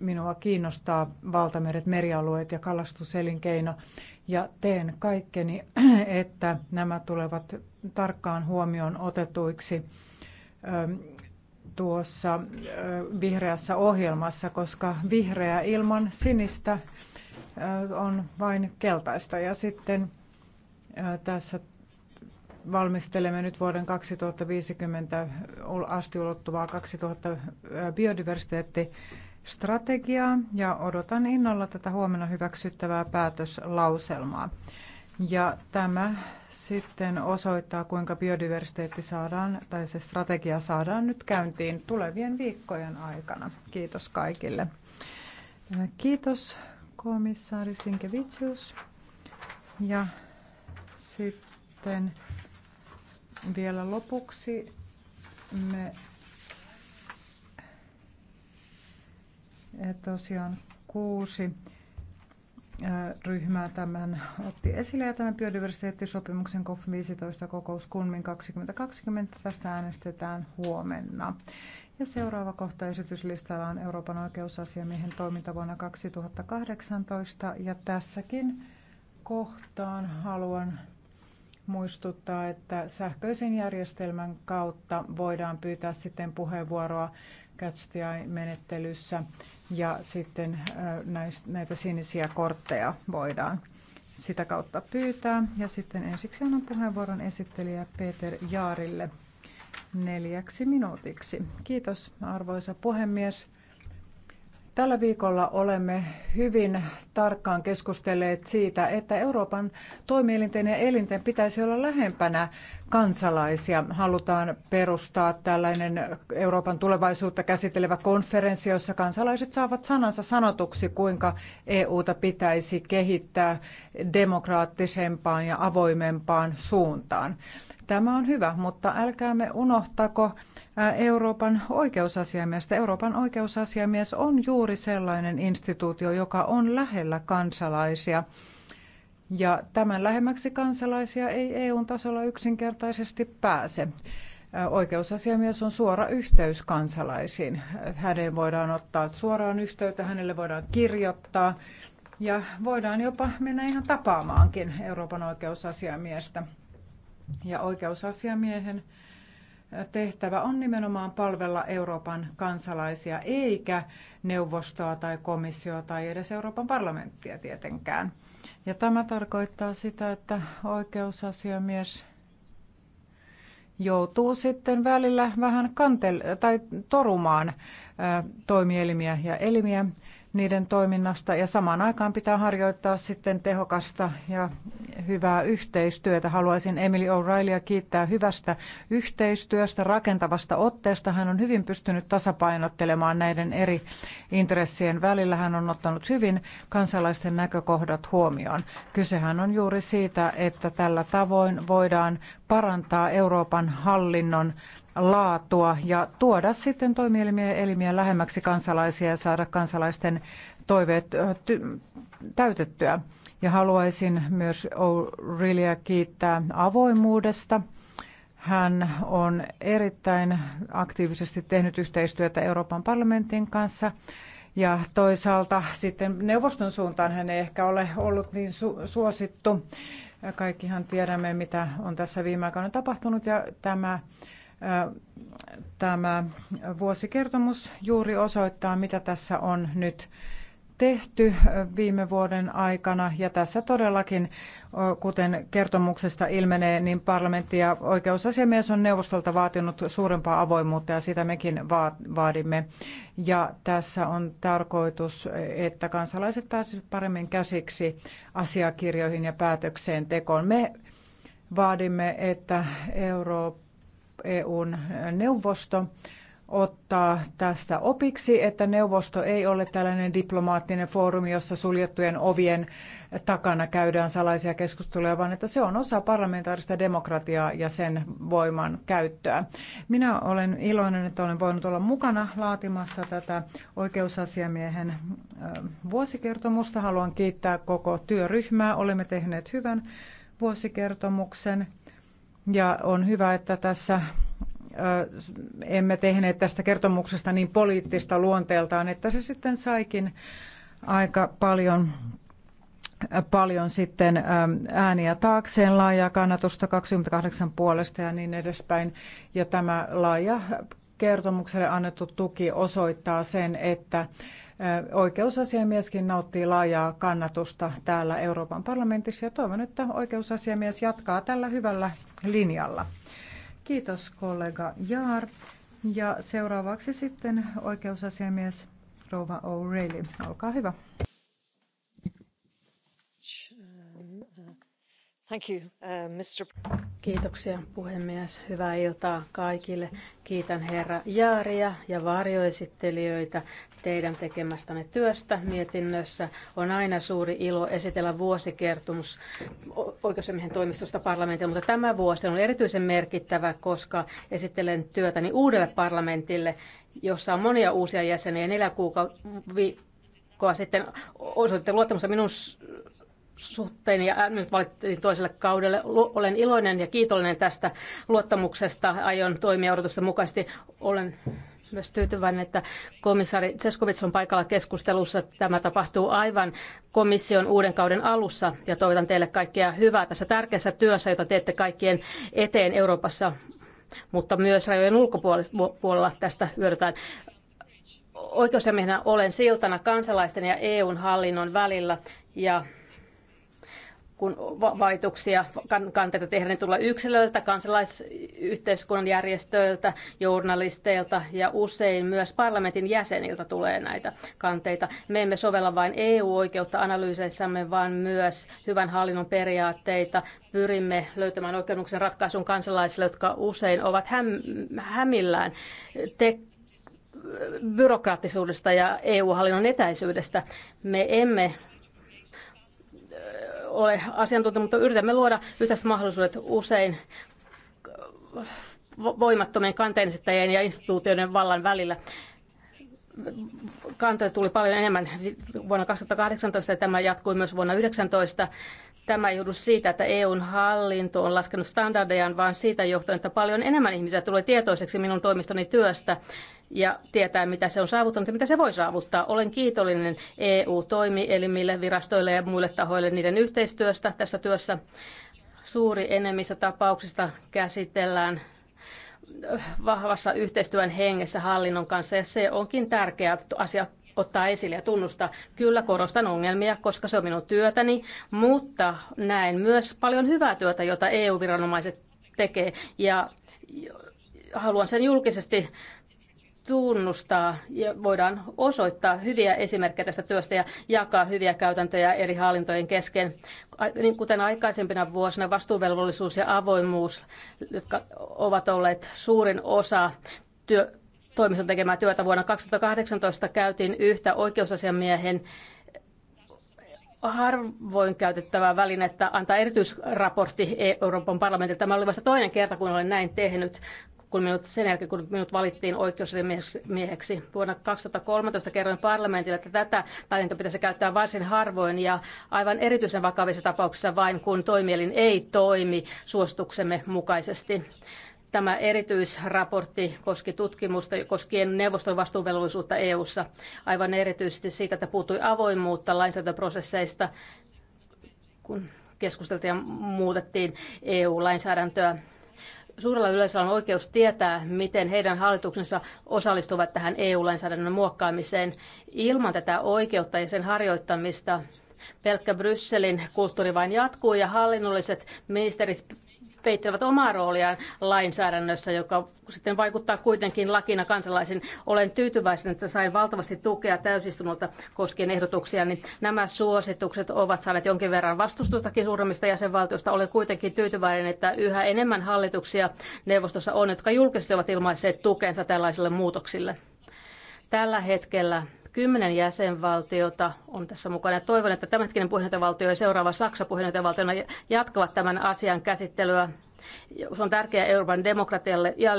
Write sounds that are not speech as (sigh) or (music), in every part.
Minua kiinnostaa valtameret, merialueet ja kalastuselinkeino ja teen kaikkeni, (clears throat) että nämä tulevat tarkkaan huomioon otetuiksi ähm, tuossa äh, vihreässä ohjelmassa, koska vihreä ilman sinistä äh, on vain keltaista. Ja sitten äh, tässä valmistelemme nyt vuoden 2050 asti ulottuvaa 2000 biodiversiteetti strategiaa ja odotan innolla tätä huomenna hyväksyttävää päätöslauselmaa. Ja tämä sitten osoittaa, kuinka biodiversiteetti saadaan, tai se strategia saadaan nyt käyntiin tulevien viikkojen aikana. Kiitos kaikille. Kiitos komissaari Sinkevicius. Ja sitten vielä lopuksi me tosiaan kuusi ryhmää tämän otti esille ja tämän biodiversiteettisopimuksen COP15 kokous Kunmin 2020. Tästä äänestetään huomenna. Ja seuraava kohta esityslistalla on Euroopan oikeusasiamiehen toiminta vuonna 2018 ja tässäkin kohtaan haluan muistuttaa, että sähköisen järjestelmän kautta voidaan pyytää sitten puheenvuoroa Catch menettelyssä ja sitten äh, näitä sinisiä kortteja voidaan sitä kautta pyytää. Ja sitten ensiksi annan puheenvuoron esittelijä Peter Jaarille neljäksi minuutiksi. Kiitos arvoisa puhemies. Tällä viikolla olemme hyvin tarkkaan keskustelleet siitä, että Euroopan toimielinten ja elinten pitäisi olla lähempänä kansalaisia. Halutaan perustaa tällainen Euroopan tulevaisuutta käsittelevä konferenssi, jossa kansalaiset saavat sanansa sanotuksi, kuinka EUta pitäisi kehittää demokraattisempaan ja avoimempaan suuntaan. Tämä on hyvä, mutta älkäämme unohtako Euroopan oikeusasiamiestä. Euroopan oikeusasiamies on juuri sellainen instituutio, joka on lähellä kansalaisia. Ja tämän lähemmäksi kansalaisia ei EUn tasolla yksinkertaisesti pääse. Oikeusasiamies on suora yhteys kansalaisiin. Hänen voidaan ottaa suoraan yhteyttä, hänelle voidaan kirjoittaa ja voidaan jopa mennä ihan tapaamaankin Euroopan oikeusasiamiestä. Ja oikeusasiamiehen tehtävä on nimenomaan palvella Euroopan kansalaisia, eikä neuvostoa tai komissioa tai edes Euroopan parlamenttia tietenkään. Ja tämä tarkoittaa sitä, että oikeusasiamies joutuu sitten välillä vähän kantel- tai torumaan toimielimiä ja elimiä niiden toiminnasta ja samaan aikaan pitää harjoittaa sitten tehokasta ja hyvää yhteistyötä. Haluaisin Emily O'Reillya kiittää hyvästä yhteistyöstä, rakentavasta otteesta. Hän on hyvin pystynyt tasapainottelemaan näiden eri intressien välillä. Hän on ottanut hyvin kansalaisten näkökohdat huomioon. Kysehän on juuri siitä, että tällä tavoin voidaan parantaa Euroopan hallinnon laatua ja tuoda sitten toimielimiä elimiä lähemmäksi kansalaisia ja saada kansalaisten toiveet täytettyä. Ja haluaisin myös O'Reillya kiittää avoimuudesta. Hän on erittäin aktiivisesti tehnyt yhteistyötä Euroopan parlamentin kanssa. Ja toisaalta sitten neuvoston suuntaan hän ei ehkä ole ollut niin su- suosittu. Ja kaikkihan tiedämme, mitä on tässä viime aikoina tapahtunut ja tämä Tämä vuosikertomus juuri osoittaa, mitä tässä on nyt tehty viime vuoden aikana. Ja tässä todellakin, kuten kertomuksesta ilmenee, niin parlamentti ja oikeusasiamies on neuvostolta vaatinut suurempaa avoimuutta ja sitä mekin vaadimme. Ja tässä on tarkoitus, että kansalaiset pääsevät paremmin käsiksi asiakirjoihin ja päätökseen tekoon. Me vaadimme, että Eurooppa EUn neuvosto ottaa tästä opiksi, että neuvosto ei ole tällainen diplomaattinen foorumi, jossa suljettujen ovien takana käydään salaisia keskusteluja, vaan että se on osa parlamentaarista demokratiaa ja sen voiman käyttöä. Minä olen iloinen, että olen voinut olla mukana laatimassa tätä oikeusasiamiehen äh, vuosikertomusta. Haluan kiittää koko työryhmää. Olemme tehneet hyvän vuosikertomuksen ja on hyvä, että tässä emme tehneet tästä kertomuksesta niin poliittista luonteeltaan, että se sitten saikin aika paljon paljon sitten ääniä taakseen, laajaa kannatusta 28 puolesta ja niin edespäin. Ja tämä laaja kertomukselle annettu tuki osoittaa sen, että Oikeusasiamieskin nauttii laajaa kannatusta täällä Euroopan parlamentissa ja toivon, että oikeusasiamies jatkaa tällä hyvällä linjalla. Kiitos kollega Jaar. Ja seuraavaksi sitten oikeusasiamies Rova O'Reilly. Olkaa hyvä. Thank you, uh, Mr. Kiitoksia puhemies. Hyvää iltaa kaikille. Kiitän herra Jaaria ja varjoesittelijöitä teidän tekemästänne työstä mietinnössä. On aina suuri ilo esitellä vuosikertomus oikeusasiamiehen toimistosta parlamentille, mutta tämä vuosi on erityisen merkittävä, koska esittelen työtäni uudelle parlamentille, jossa on monia uusia jäseniä. Neljä kuukautta sitten osoitte luottamusta minun suhteen ja äh, nyt valittiin toiselle kaudelle. Olen iloinen ja kiitollinen tästä luottamuksesta. Aion toimia odotusten mukaisesti. Olen myös tyytyväinen, että komissaari Seskovits on paikalla keskustelussa. Tämä tapahtuu aivan komission uuden kauden alussa ja toivotan teille kaikkea hyvää tässä tärkeässä työssä, jota teette kaikkien eteen Euroopassa, mutta myös rajojen ulkopuolella tästä hyödytään. Oikeusasiamiehenä olen siltana kansalaisten ja EUn hallinnon välillä ja kun valituksia, kanteita tehdään, niin tulla yksilöiltä, kansalaisyhteiskunnan järjestöiltä, journalisteilta ja usein myös parlamentin jäseniltä tulee näitä kanteita. Me emme sovella vain EU-oikeutta analyyseissamme, vaan myös hyvän hallinnon periaatteita. Pyrimme löytämään oikeuksien ratkaisun kansalaisille, jotka usein ovat häm- hämillään te- byrokraattisuudesta ja EU-hallinnon etäisyydestä. Me emme ole asiantuntija, mutta yritämme luoda yhteiset mahdollisuudet usein voimattomien kanteenesittäjien ja instituutioiden vallan välillä. Kantoja tuli paljon enemmän vuonna 2018 ja tämä jatkui myös vuonna 2019 tämä ei johdu siitä, että EUn hallinto on laskenut standardejaan, vaan siitä johtuen, että paljon enemmän ihmisiä tulee tietoiseksi minun toimistoni työstä ja tietää, mitä se on saavuttanut ja mitä se voi saavuttaa. Olen kiitollinen EU-toimielimille, virastoille ja muille tahoille niiden yhteistyöstä tässä työssä. Suuri enemmistö tapauksista käsitellään vahvassa yhteistyön hengessä hallinnon kanssa ja se onkin tärkeä asia ottaa esille ja tunnustaa. Kyllä korostan ongelmia, koska se on minun työtäni, mutta näen myös paljon hyvää työtä, jota EU-viranomaiset tekee ja haluan sen julkisesti tunnustaa ja voidaan osoittaa hyviä esimerkkejä tästä työstä ja jakaa hyviä käytäntöjä eri hallintojen kesken. Niin kuten aikaisempina vuosina vastuuvelvollisuus ja avoimuus, jotka ovat olleet suurin osa työ, toimiston tekemää työtä. Vuonna 2018 käytiin yhtä oikeusasiamiehen harvoin käytettävää välinettä antaa erityisraportti Euroopan parlamentille. Tämä oli vasta toinen kerta, kun olen näin tehnyt kun minut, sen jälkeen, kun minut valittiin oikeusmieheksi vuonna 2013, kerroin parlamentille, että tätä välintä pitäisi käyttää varsin harvoin ja aivan erityisen vakavissa tapauksissa vain, kun toimielin ei toimi suosituksemme mukaisesti. Tämä erityisraportti koski tutkimusta koskien neuvoston vastuuvelvollisuutta EU:ssa. Aivan erityisesti siitä, että puuttui avoimuutta lainsäädäntöprosesseista, kun keskusteltiin ja muutettiin EU-lainsäädäntöä suurella yleisöllä on oikeus tietää, miten heidän hallituksensa osallistuvat tähän EU-lainsäädännön muokkaamiseen. Ilman tätä oikeutta ja sen harjoittamista pelkkä Brysselin kulttuuri vain jatkuu ja hallinnolliset ministerit peittelevät omaa rooliaan lainsäädännössä, joka sitten vaikuttaa kuitenkin lakina kansalaisen. Olen tyytyväisen, että sain valtavasti tukea täysistunnolta koskien ehdotuksia, niin nämä suositukset ovat saaneet jonkin verran vastustustakin suuremmista jäsenvaltioista. Olen kuitenkin tyytyväinen, että yhä enemmän hallituksia neuvostossa on, jotka julkisesti ovat ilmaisseet tukensa tällaisille muutoksille. Tällä hetkellä Kymmenen jäsenvaltiota on tässä mukana. Ja toivon, että tämänhetkinen puheenjohtajavaltio ja seuraava Saksa puheenjohtajavaltiona jatkavat tämän asian käsittelyä. Se on tärkeää Euroopan demokratialle ja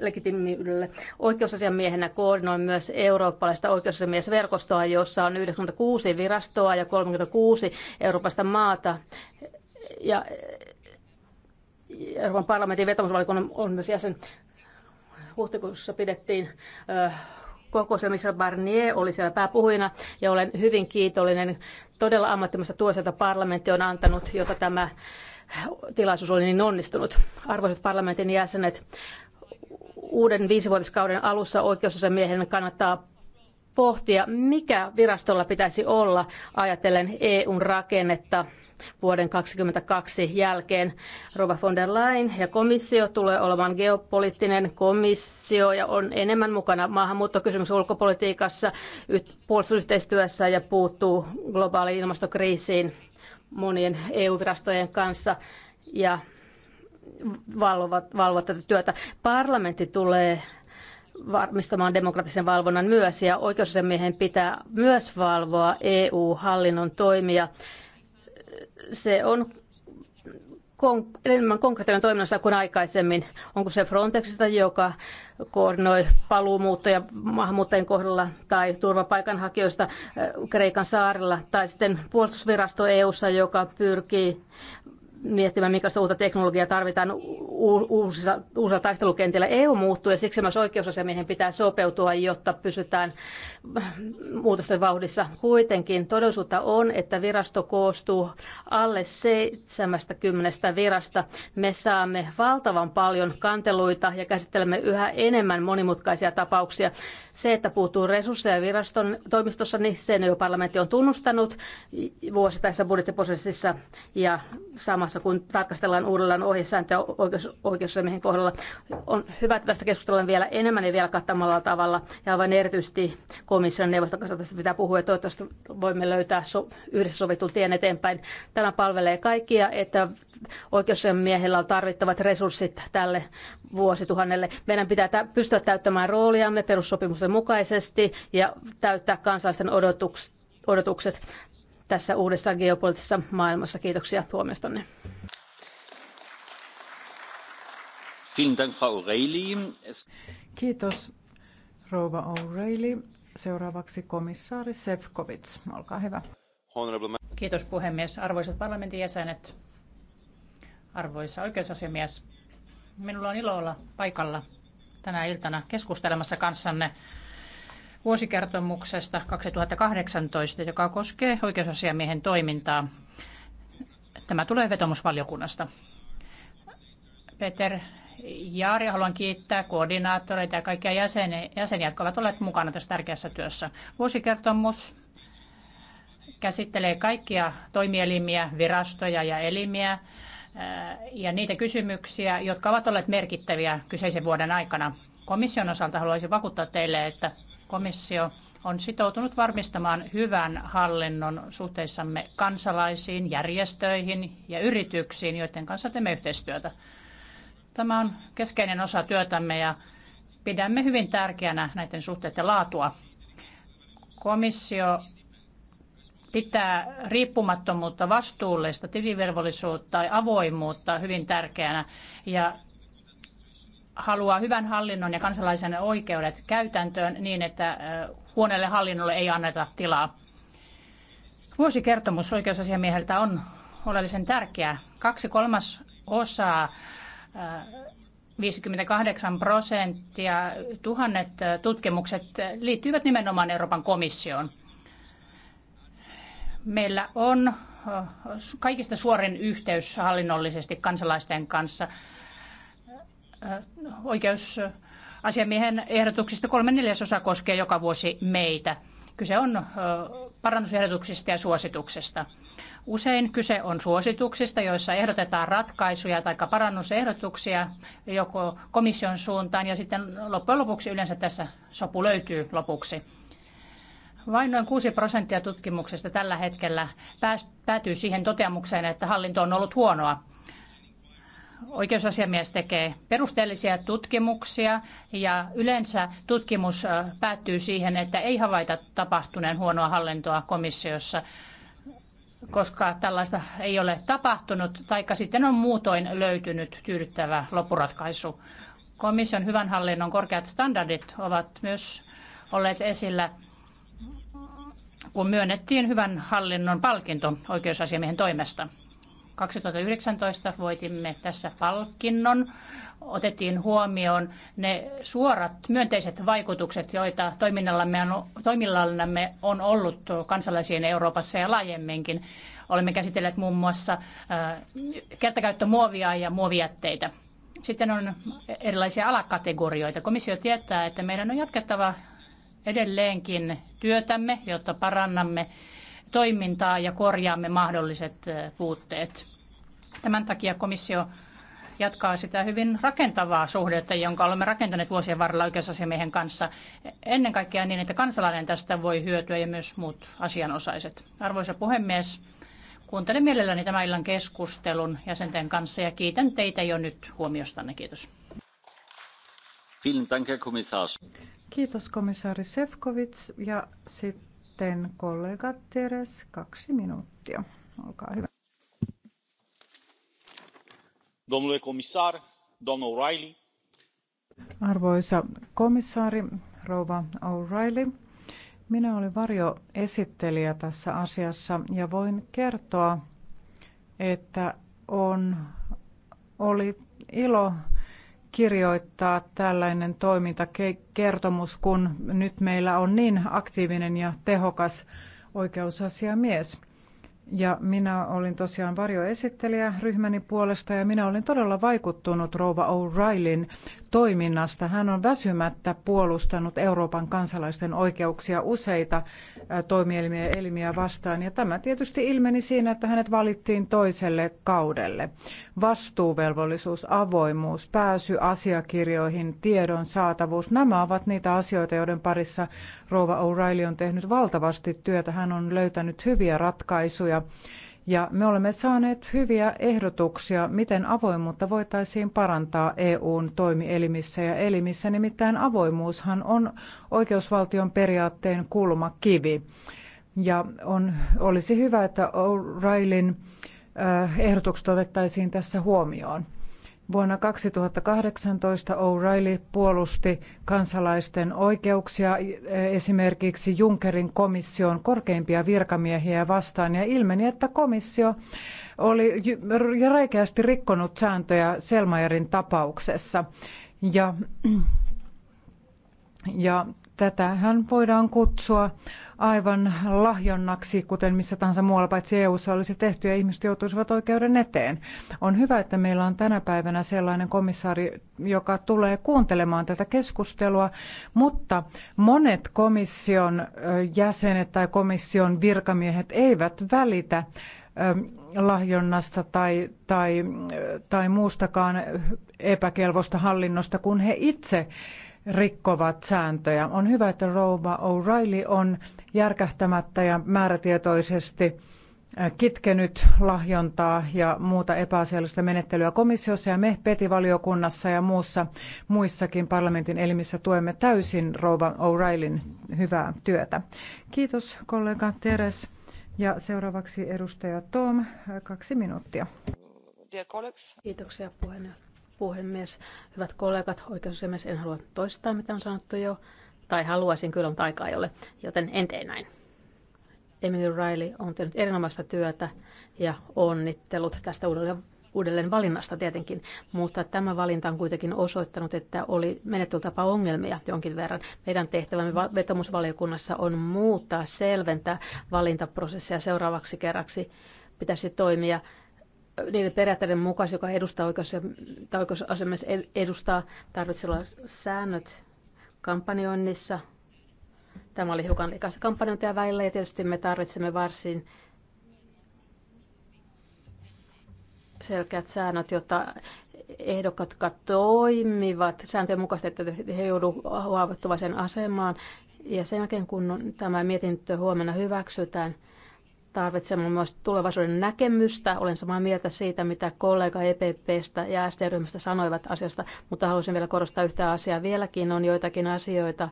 legitimiydelle. Oikeusasiamiehenä koordinoin myös eurooppalaista oikeusasiamiesverkostoa, jossa on 96 virastoa ja 36 Euroopasta maata. Ja Euroopan parlamentin vetomusvalikon on myös jäsen. Huhtikuussa pidettiin se, missä Barnier oli siellä pääpuhujana, ja olen hyvin kiitollinen todella ammattimaista tuoselta parlamentti on antanut, jota tämä tilaisuus oli niin onnistunut. Arvoisat parlamentin jäsenet, uuden viisivuotiskauden alussa oikeusasiamiehen kannattaa pohtia, mikä virastolla pitäisi olla ajatellen EUn rakennetta – vuoden 2022 jälkeen. Rova von der Leyen ja komissio tulee olemaan geopoliittinen komissio ja on enemmän mukana maahanmuuttokysymys ulkopolitiikassa, puolustusyhteistyössä ja puuttuu globaaliin ilmastokriisiin monien EU-virastojen kanssa. Ja valvovat, tätä työtä. Parlamentti tulee varmistamaan demokraattisen valvonnan myös ja oikeusasiamiehen pitää myös valvoa EU-hallinnon toimia se on enemmän konkreettinen toiminnassa kuin aikaisemmin. Onko se Frontexista, joka koordinoi paluumuuttoja maahanmuuttajien kohdalla tai turvapaikanhakijoista äh, Kreikan saarella, tai sitten puolustusvirasto EUssa, joka pyrkii miettimään, mikä uutta teknologiaa tarvitaan uusilla, uusilla taistelukentillä. EU muuttuu ja siksi myös oikeusasiamiehen pitää sopeutua, jotta pysytään muutosten vauhdissa. Kuitenkin todellisuutta on, että virasto koostuu alle 70 virasta. Me saamme valtavan paljon kanteluita ja käsittelemme yhä enemmän monimutkaisia tapauksia. Se, että puuttuu resursseja viraston toimistossa, niin sen jo parlamentti on tunnustanut vuosittaisessa budjettiprosessissa ja samassa kun tarkastellaan uudellaan ohjesääntöä oikeus, oikeusasiamiehen kohdalla. On hyvä, että tästä keskustellaan vielä enemmän ja vielä kattamalla tavalla ja aivan erityisesti komission neuvoston kanssa tästä pitää puhua ja toivottavasti voimme löytää so, yhdessä sovitun tien eteenpäin. Tämä palvelee kaikkia, että oikeusasiamiehellä on tarvittavat resurssit tälle vuosituhannelle. Meidän pitää pystyä täyttämään rooliamme perussopimusten lainsäädäntö mukaisesti ja täyttää kansalaisten odotukset tässä uudessa geopoliittisessa maailmassa. Kiitoksia huomiostanne. Kiitos, rouva O'Reilly. Seuraavaksi komissaari Sefcovic. Olkaa hyvä. Kiitos puhemies. Arvoisat parlamentin jäsenet, arvoisa oikeusasiamies, minulla on ilo olla paikalla tänä iltana keskustelemassa kanssanne vuosikertomuksesta 2018, joka koskee oikeusasiamiehen toimintaa. Tämä tulee vetomusvaliokunnasta. Peter Jaari, haluan kiittää koordinaattoreita ja kaikkia jäseniä, jäseniä, jotka ovat olleet mukana tässä tärkeässä työssä. Vuosikertomus käsittelee kaikkia toimielimiä, virastoja ja elimiä, ja niitä kysymyksiä, jotka ovat olleet merkittäviä kyseisen vuoden aikana. Komission osalta haluaisin vakuuttaa teille, että komissio on sitoutunut varmistamaan hyvän hallinnon suhteissamme kansalaisiin, järjestöihin ja yrityksiin, joiden kanssa teemme yhteistyötä. Tämä on keskeinen osa työtämme ja pidämme hyvin tärkeänä näiden suhteiden laatua. Komissio pitää riippumattomuutta, vastuullista tilivelvollisuutta ja avoimuutta hyvin tärkeänä ja haluaa hyvän hallinnon ja kansalaisen oikeudet käytäntöön niin, että huoneelle hallinnolle ei anneta tilaa. Vuosikertomus oikeusasiamieheltä on oleellisen tärkeä. Kaksi kolmas osaa 58 prosenttia, tuhannet tutkimukset liittyvät nimenomaan Euroopan komissioon. Meillä on kaikista suorin yhteys hallinnollisesti kansalaisten kanssa. Oikeusasiamiehen ehdotuksista kolme neljäsosa koskee joka vuosi meitä. Kyse on parannusehdotuksista ja suosituksesta. Usein kyse on suosituksista, joissa ehdotetaan ratkaisuja tai parannusehdotuksia joko komission suuntaan ja sitten loppujen lopuksi yleensä tässä sopu löytyy lopuksi. Vain noin 6 prosenttia tutkimuksesta tällä hetkellä päätyy siihen toteamukseen, että hallinto on ollut huonoa. Oikeusasiamies tekee perusteellisia tutkimuksia ja yleensä tutkimus päättyy siihen, että ei havaita tapahtuneen huonoa hallintoa komissiossa koska tällaista ei ole tapahtunut, taikka sitten on muutoin löytynyt tyydyttävä loppuratkaisu. Komission hyvän hallinnon korkeat standardit ovat myös olleet esillä kun myönnettiin hyvän hallinnon palkinto oikeusasiamiehen toimesta. 2019 voitimme tässä palkinnon. Otettiin huomioon ne suorat myönteiset vaikutukset, joita toiminnallamme toimillallamme on ollut kansalaisiin Euroopassa ja laajemminkin. Olemme käsitelleet muun muassa äh, kertakäyttömuovia ja muovijätteitä. Sitten on erilaisia alakategorioita. Komissio tietää, että meidän on jatkettava edelleenkin työtämme, jotta parannamme toimintaa ja korjaamme mahdolliset puutteet. Tämän takia komissio jatkaa sitä hyvin rakentavaa suhdetta, jonka olemme rakentaneet vuosien varrella oikeusasiamiehen kanssa. Ennen kaikkea niin, että kansalainen tästä voi hyötyä ja myös muut asianosaiset. Arvoisa puhemies, kuuntelen mielelläni tämän illan keskustelun jäsenten kanssa ja kiitän teitä jo nyt huomiostanne. Kiitos. Kiitos komissaari Sefkovits ja sitten kollega Teres, kaksi minuuttia. Olkaa hyvä. Domnule komissar, domnul O'Reilly. Arvoisa komissaari, rouva O'Reilly. Minä olen varjoesittelijä tässä asiassa ja voin kertoa, että on, oli ilo kirjoittaa tällainen toimintakertomus, kun nyt meillä on niin aktiivinen ja tehokas oikeusasiamies. Ja minä olin tosiaan varjoesittelijä ryhmäni puolesta ja minä olin todella vaikuttunut rouva O'Reillyn toiminnasta. Hän on väsymättä puolustanut Euroopan kansalaisten oikeuksia useita toimielimiä elimiä vastaan. Ja tämä tietysti ilmeni siinä, että hänet valittiin toiselle kaudelle. Vastuuvelvollisuus, avoimuus, pääsy asiakirjoihin, tiedon saatavuus, nämä ovat niitä asioita, joiden parissa Rova O'Reilly on tehnyt valtavasti työtä. Hän on löytänyt hyviä ratkaisuja ja me olemme saaneet hyviä ehdotuksia, miten avoimuutta voitaisiin parantaa EUn toimielimissä ja elimissä. Nimittäin avoimuushan on oikeusvaltion periaatteen kulmakivi. Ja on, olisi hyvä, että O'Reillyn äh, ehdotukset otettaisiin tässä huomioon. Vuonna 2018 O'Reilly puolusti kansalaisten oikeuksia e, esimerkiksi Junckerin komission korkeimpia virkamiehiä vastaan ja ilmeni, että komissio oli räikeästi rikkonut sääntöjä Selmajerin tapauksessa. Ja, ja Tätähän voidaan kutsua aivan lahjonnaksi, kuten missä tahansa muualla paitsi EU-ssa olisi tehty ja ihmiset joutuisivat oikeuden eteen. On hyvä, että meillä on tänä päivänä sellainen komissaari, joka tulee kuuntelemaan tätä keskustelua, mutta monet komission jäsenet tai komission virkamiehet eivät välitä lahjonnasta tai, tai, tai muustakaan epäkelvosta hallinnosta, kun he itse rikkovat sääntöjä. On hyvä, että Rouva O'Reilly on järkähtämättä ja määrätietoisesti äh, kitkenyt lahjontaa ja muuta epäasiallista menettelyä komissiossa ja me PETI-valiokunnassa ja muussa, muissakin parlamentin elimissä tuemme täysin Rouva O'Reillyn hyvää työtä. Kiitos kollega Teres. Ja seuraavaksi edustaja Tom, äh, kaksi minuuttia. Kiitoksia puheenjohtaja puhemies, hyvät kollegat, oikeusasiamies, en halua toistaa, mitä on sanottu jo, tai haluaisin kyllä, mutta aikaa ei ole, joten en tee näin. Emily Riley on tehnyt erinomaista työtä ja onnittelut tästä uudelleen, uudelleen valinnasta tietenkin, mutta tämä valinta on kuitenkin osoittanut, että oli menettelytapa ongelmia jonkin verran. Meidän tehtävämme vetomusvaliokunnassa on muuttaa, selventää valintaprosessia seuraavaksi kerraksi pitäisi toimia niiden periaatteiden mukaisesti, joka edustaa oikeus- tai oikeusasemies edustaa, tarvitsee olla säännöt kampanjoinnissa. Tämä oli hiukan likaista kampanjointia välillä ja tietysti me tarvitsemme varsin selkeät säännöt, jotta ehdokkaat, jotka toimivat sääntöjen mukaisesti, että he joudu haavoittuvaiseen asemaan. Ja sen jälkeen, kun tämä mietintö huomenna hyväksytään – Tarvitsemme myös tulevaisuuden näkemystä. Olen samaa mieltä siitä, mitä kollega EPPstä ja SD-ryhmästä sanoivat asiasta, mutta haluaisin vielä korostaa yhtä asiaa. Vieläkin on joitakin asioita,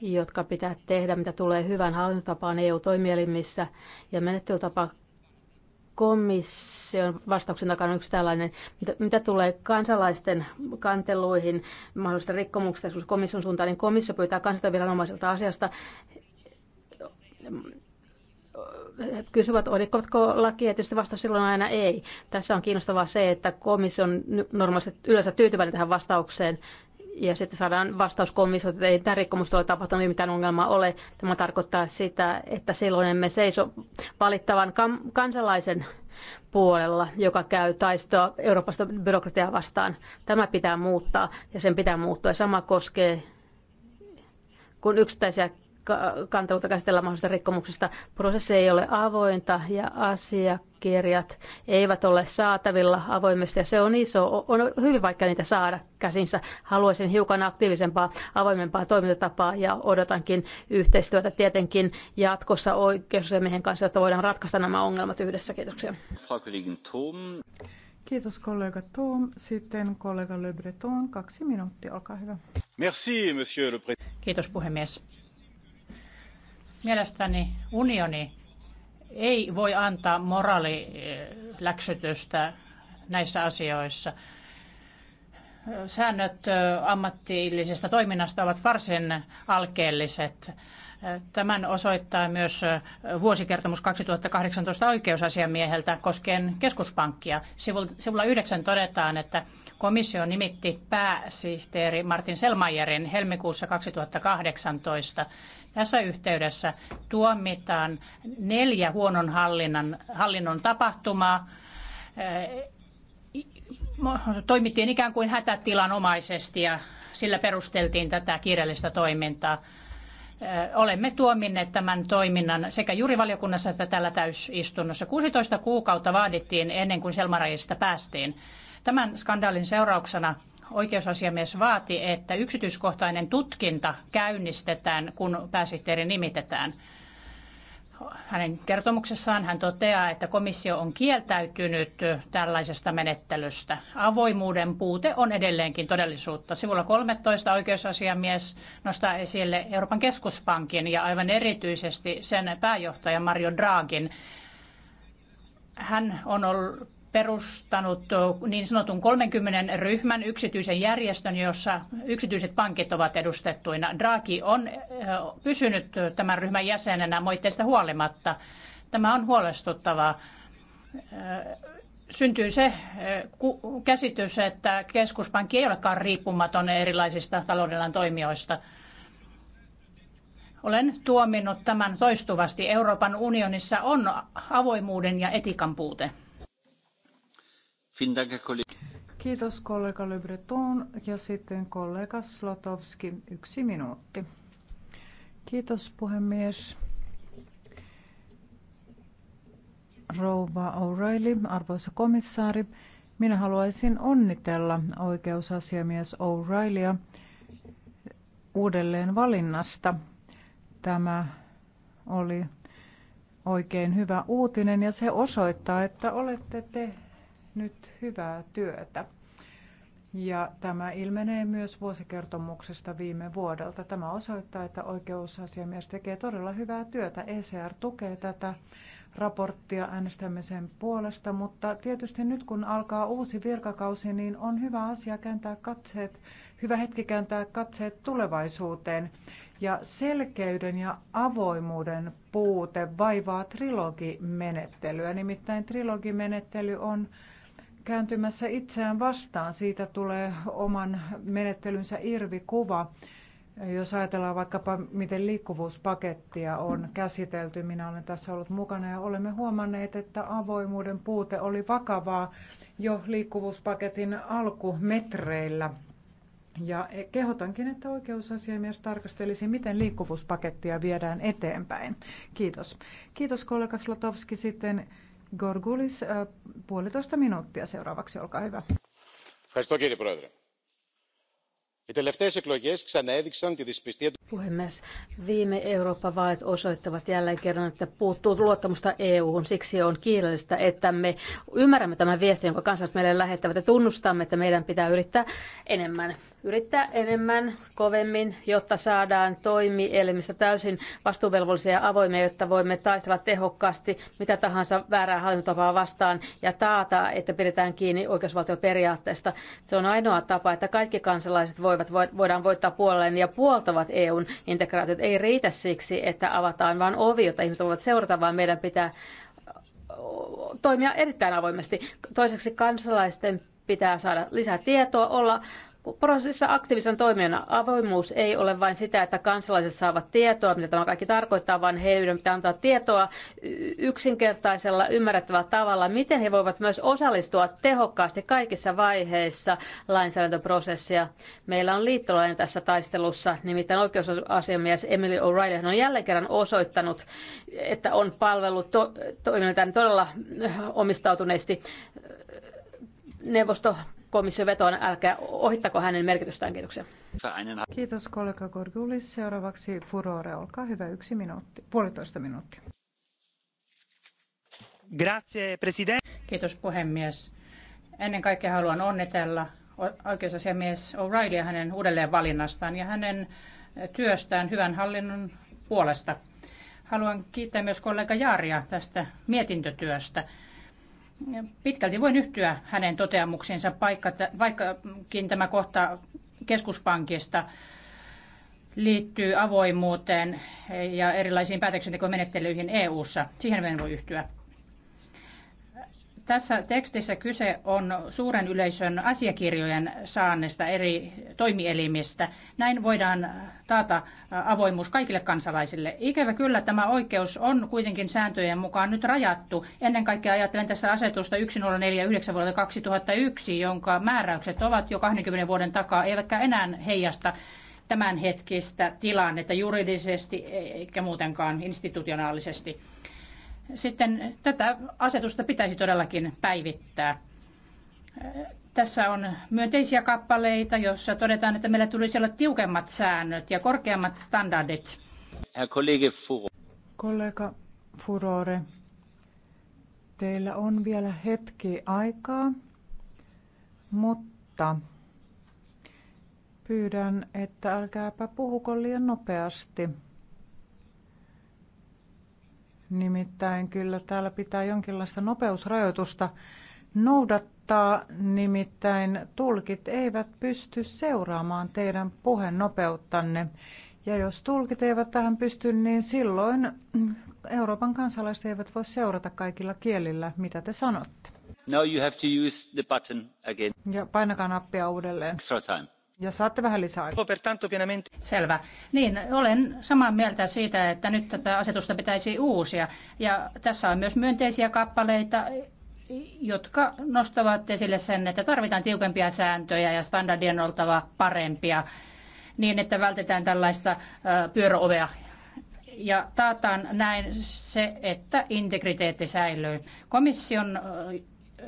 jotka pitää tehdä, mitä tulee hyvän hallintotapaan EU-toimielimissä ja menettelytapa komission vastauksen takana on yksi tällainen, mitä, mitä tulee kansalaisten kanteluihin, mahdollisista rikkomuksista komission suuntaan, niin komissio pyytää kansalaisten viranomaisilta asiasta kysyvät, rikkovatko lakia, ja tietysti vastaus silloin aina ei. Tässä on kiinnostavaa se, että komissio on normaalisti yleensä tyytyväinen tähän vastaukseen, ja sitten saadaan vastaus komissio, että ei tämä rikkomus ole tapahtunut, ei mitään ongelmaa ole. Tämä tarkoittaa sitä, että silloin emme seiso valittavan kansalaisen puolella, joka käy taistoa Euroopasta byrokratiaa vastaan. Tämä pitää muuttaa ja sen pitää muuttua. Ja sama koskee kun yksittäisiä kanteluita käsitellään mahdollisista rikkomuksista. Prosessi ei ole avointa ja asiakirjat eivät ole saatavilla avoimesti ja se on iso, on hyvin vaikea niitä saada käsinsä. Haluaisin hiukan aktiivisempaa, avoimempaa toimintatapaa ja odotankin yhteistyötä tietenkin jatkossa oikeusasiamiehen kanssa, jotta voidaan ratkaista nämä ongelmat yhdessä. Kiitoksia. Kiitos kollega Tom. Sitten kollega Le Breton, kaksi minuuttia, olkaa hyvä. Merci, monsieur le Kiitos puhemies Mielestäni unioni ei voi antaa moraaliläksytystä eh, näissä asioissa. Säännöt eh, ammatillisesta toiminnasta ovat varsin alkeelliset. Tämän osoittaa myös vuosikertomus 2018 oikeusasiamieheltä koskien keskuspankkia. Sivulla 9 todetaan, että komissio nimitti pääsihteeri Martin Selmayerin helmikuussa 2018. Tässä yhteydessä tuomitaan neljä huonon hallinnan, hallinnon tapahtumaa. Toimittiin ikään kuin hätätilanomaisesti ja sillä perusteltiin tätä kiireellistä toimintaa olemme tuominneet tämän toiminnan sekä juurivaliokunnassa että täällä täysistunnossa. 16 kuukautta vaadittiin ennen kuin Selmarajista päästiin. Tämän skandaalin seurauksena oikeusasiamies vaati, että yksityiskohtainen tutkinta käynnistetään, kun pääsihteeri nimitetään hänen kertomuksessaan hän toteaa, että komissio on kieltäytynyt tällaisesta menettelystä. Avoimuuden puute on edelleenkin todellisuutta. Sivulla 13 oikeusasiamies nostaa esille Euroopan keskuspankin ja aivan erityisesti sen pääjohtajan Mario Draghin. Hän on ollut perustanut niin sanotun 30 ryhmän yksityisen järjestön, jossa yksityiset pankit ovat edustettuina. Draghi on eh, pysynyt tämän ryhmän jäsenenä moitteista huolimatta. Tämä on huolestuttavaa. Eh, syntyy se eh, käsitys, että keskuspankki ei olekaan riippumaton erilaisista taloudellan toimijoista. Olen tuominnut tämän toistuvasti. Euroopan unionissa on avoimuuden ja etikan puute. Kiitos kollega Le Breton ja sitten kollega Slotowski, yksi minuutti. Kiitos puhemies. Rouva O'Reilly, arvoisa komissaari, minä haluaisin onnitella oikeusasiamies O'Reillya uudelleen valinnasta. Tämä oli oikein hyvä uutinen ja se osoittaa, että olette te nyt hyvää työtä. Ja tämä ilmenee myös vuosikertomuksesta viime vuodelta. Tämä osoittaa, että oikeusasiamies tekee todella hyvää työtä. ECR tukee tätä raporttia äänestämisen puolesta, mutta tietysti nyt kun alkaa uusi virkakausi, niin on hyvä asia kääntää katseet, hyvä hetki kääntää katseet tulevaisuuteen. Ja selkeyden ja avoimuuden puute vaivaa trilogimenettelyä. Nimittäin trilogimenettely on kääntymässä itseään vastaan. Siitä tulee oman menettelynsä irvikuva. Jos ajatellaan vaikkapa, miten liikkuvuuspakettia on käsitelty, minä olen tässä ollut mukana ja olemme huomanneet, että avoimuuden puute oli vakavaa jo liikkuvuuspaketin alkumetreillä. Ja kehotankin, että oikeusasiamies tarkastelisi, miten liikkuvuuspakettia viedään eteenpäin. Kiitos. Kiitos kollega Slotowski Sitten Gorgulis, eh, puolitoista minuuttia seuraavaksi, olkaa hyvä. Kiitos, Puhemies, viime Euroopan vaalit osoittavat jälleen kerran, että puuttuu luottamusta EU-hun. Siksi on kiireellistä, että me ymmärrämme tämän viestin, jonka kansalaiset meille lähettävät ja tunnustamme, että meidän pitää yrittää enemmän. Yrittää enemmän, kovemmin, jotta saadaan toimielimistä täysin vastuuvelvollisia ja avoimia, jotta voimme taistella tehokkaasti mitä tahansa väärää hallintotapaa vastaan ja taata, että pidetään kiinni oikeusvaltioperiaatteesta. Se on ainoa tapa, että kaikki kansalaiset voivat voivat, voidaan voittaa puolelleen ja puoltavat EUn integraatiot. Ei riitä siksi, että avataan vain ovi, jota ihmiset voivat seurata, vaan meidän pitää toimia erittäin avoimesti. Toiseksi kansalaisten pitää saada lisää tietoa, olla Prosessissa aktiivisen toimijana avoimuus ei ole vain sitä, että kansalaiset saavat tietoa, mitä tämä kaikki tarkoittaa, vaan heidän pitää antaa tietoa yksinkertaisella, ymmärrettävällä tavalla, miten he voivat myös osallistua tehokkaasti kaikissa vaiheissa lainsäädäntöprosessia. Meillä on liittolainen tässä taistelussa, nimittäin oikeusasiamies Emily O'Reilly on jälleen kerran osoittanut, että on palvellut to- toimintaan todella omistautuneesti äh, neuvosto komission vetoon, älkää ohittako hänen merkitystään. Kiitoksia. Kiitos kollega Gorgulis. Seuraavaksi Furore, olkaa hyvä, yksi minuutti, puolitoista minuuttia. Grazie, president. Kiitos puhemies. Ennen kaikkea haluan onnitella oikeusasiamies O'Reilly ja hänen uudelleenvalinnastaan ja hänen työstään hyvän hallinnon puolesta. Haluan kiittää myös kollega Jaaria tästä mietintötyöstä. Pitkälti voin yhtyä hänen toteamuksiinsa, vaikkakin tämä kohta keskuspankista liittyy avoimuuteen ja erilaisiin päätöksentekomenettelyihin EU-ssa. Siihen voin en voi yhtyä. Tässä tekstissä kyse on suuren yleisön asiakirjojen saannesta eri toimielimistä. Näin voidaan taata avoimuus kaikille kansalaisille. Ikävä kyllä tämä oikeus on kuitenkin sääntöjen mukaan nyt rajattu. Ennen kaikkea ajattelen tässä asetusta 1049 vuodelta 2001, jonka määräykset ovat jo 20 vuoden takaa, eivätkä enää heijasta tämänhetkistä tilannetta juridisesti eikä muutenkaan institutionaalisesti sitten tätä asetusta pitäisi todellakin päivittää. Tässä on myönteisiä kappaleita, joissa todetaan, että meillä tulisi olla tiukemmat säännöt ja korkeammat standardit. Kollega Furore, teillä on vielä hetki aikaa, mutta pyydän, että älkääpä puhuko liian nopeasti. Nimittäin kyllä täällä pitää jonkinlaista nopeusrajoitusta noudattaa, nimittäin tulkit eivät pysty seuraamaan teidän puhenopeuttanne. Ja jos tulkit eivät tähän pysty, niin silloin Euroopan kansalaiset eivät voi seurata kaikilla kielillä, mitä te sanotte. Now you have to use the button again. Ja painakaa nappia uudelleen. Extra time. Ja saatte vähän lisää. Selvä. Niin, olen samaa mieltä siitä, että nyt tätä asetusta pitäisi uusia. Ja tässä on myös myönteisiä kappaleita, jotka nostavat esille sen, että tarvitaan tiukempia sääntöjä ja standardien oltava parempia niin, että vältetään tällaista pyöröovea ja taataan näin se, että integriteetti säilyy. Komission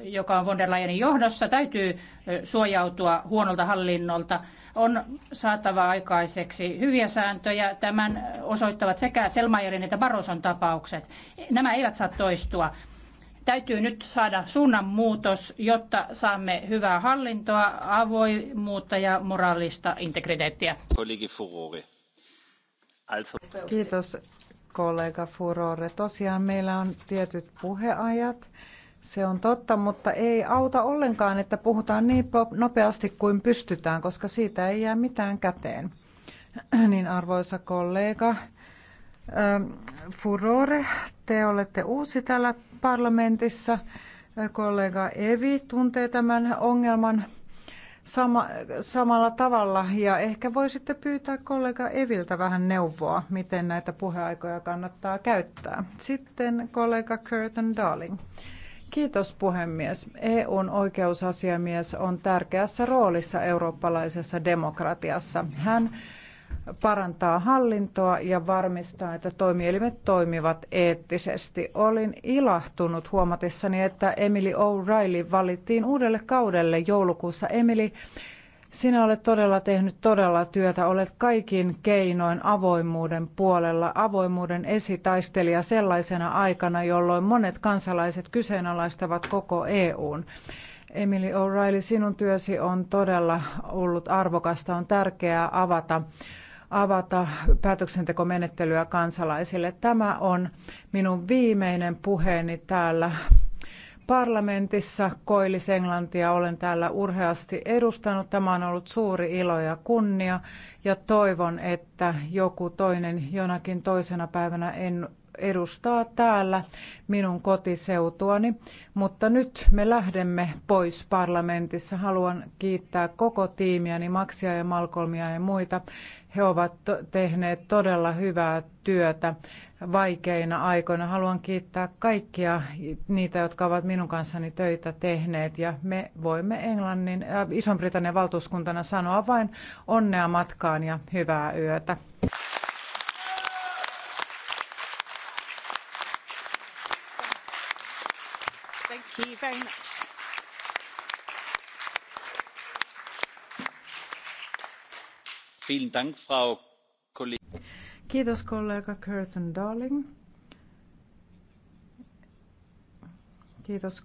joka on von der Leyenin johdossa, täytyy suojautua huonolta hallinnolta. On saatava aikaiseksi hyviä sääntöjä. Tämän osoittavat sekä Selmajerin että Barroson tapaukset. Nämä eivät saa toistua. Täytyy nyt saada suunnanmuutos, jotta saamme hyvää hallintoa, avoimuutta ja moraalista integriteettiä. Kiitos kollega Furore. Tosiaan meillä on tietyt puheajat. Se on totta, mutta ei auta ollenkaan, että puhutaan niin nopeasti kuin pystytään, koska siitä ei jää mitään käteen. (clears throat) niin arvoisa kollega, ähm, Furore, te olette uusi täällä parlamentissa. Äh, kollega Evi tuntee tämän ongelman sama, samalla tavalla ja ehkä voisitte pyytää kollega Eviltä vähän neuvoa, miten näitä puheaikoja kannattaa käyttää. Sitten kollega Curtin Darling. Kiitos puhemies. EUn oikeusasiamies on tärkeässä roolissa eurooppalaisessa demokratiassa. Hän parantaa hallintoa ja varmistaa, että toimielimet toimivat eettisesti. Olin ilahtunut huomatessani, että Emily O'Reilly valittiin uudelle kaudelle joulukuussa. Emily sinä olet todella tehnyt todella työtä, olet kaikin keinoin avoimuuden puolella, avoimuuden esitaistelija sellaisena aikana, jolloin monet kansalaiset kyseenalaistavat koko EUn. Emily O'Reilly, sinun työsi on todella ollut arvokasta, on tärkeää avata avata päätöksentekomenettelyä kansalaisille. Tämä on minun viimeinen puheeni täällä parlamentissa Koillis-Englantia olen täällä urheasti edustanut. Tämä on ollut suuri ilo ja kunnia ja toivon, että joku toinen jonakin toisena päivänä en edustaa täällä minun kotiseutuani, mutta nyt me lähdemme pois parlamentissa. Haluan kiittää koko tiimiäni, Maksia ja Malcolmia ja muita. He ovat tehneet todella hyvää työtä vaikeina aikoina. Haluan kiittää kaikkia niitä, jotka ovat minun kanssani töitä tehneet ja me voimme Englannin ja äh, Ison-Britannian valtuuskuntana sanoa vain onnea matkaan ja hyvää yötä. Thank you very much. Vielen Dank, Frau Kiitos kollega Curtin Darling. Kiitos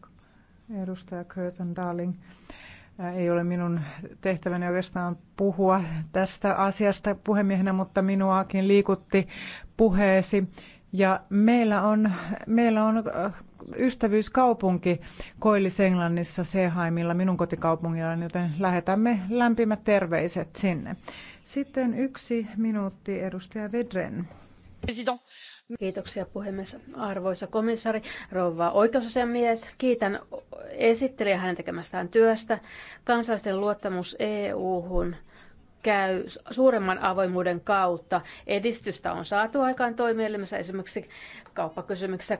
edustaja Curtin Darling. Äh, ei ole minun tehtäväni oikeastaan puhua tästä asiasta puhemiehenä, mutta minuakin liikutti puheesi. Ja meillä on, meillä on äh, ystävyyskaupunki Koillis-Englannissa, Sehaimilla, minun kotikaupungillani, joten lähetämme lämpimät terveiset sinne. Sitten yksi minuutti, edustaja Vedren. President. Kiitoksia puhemies. Arvoisa komissari, rouva oikeusasiamies, kiitän esittelijä hänen tekemästään työstä. Kansalaisten luottamus EU-hun käy suuremman avoimuuden kautta. Edistystä on saatu aikaan toimielimessä esimerkiksi kauppakysymyksessä.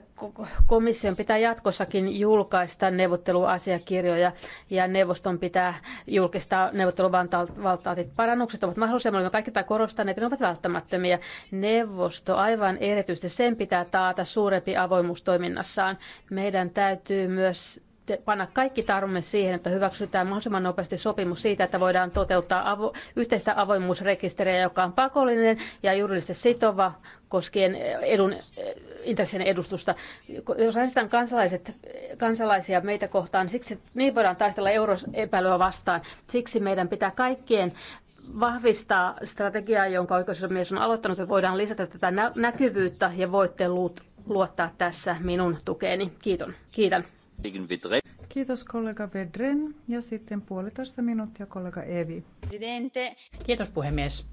Komission pitää jatkossakin julkaista neuvotteluasiakirjoja ja neuvoston pitää julkistaa neuvotteluvaltaatit. Parannukset ovat mahdollisia, me olemme kaikki tämä korostaneet, ne ovat välttämättömiä. Neuvosto aivan erityisesti sen pitää taata suurempi avoimuus toiminnassaan. Meidän täytyy myös panna kaikki tarvomme siihen, että hyväksytään mahdollisimman nopeasti sopimus siitä, että voidaan toteuttaa avo- yhteistä avoimuusrekisteriä, joka on pakollinen ja juridisesti sitova koskien eh, edun, eh, intressien edustusta. Jos äänestetään kansalaiset, eh, kansalaisia meitä kohtaan, siksi niin voidaan taistella euroepäilyä vastaan. Siksi meidän pitää kaikkien vahvistaa strategiaa, jonka oikeusasiamies on aloittanut, ja voidaan lisätä tätä näkyvyyttä ja voitte luottaa tässä minun tukeeni. Kiiton. Kiitän. Kiitos kollega Vedren ja sitten puolitoista minuuttia kollega Evi. Presidente. Kiitos puhemies.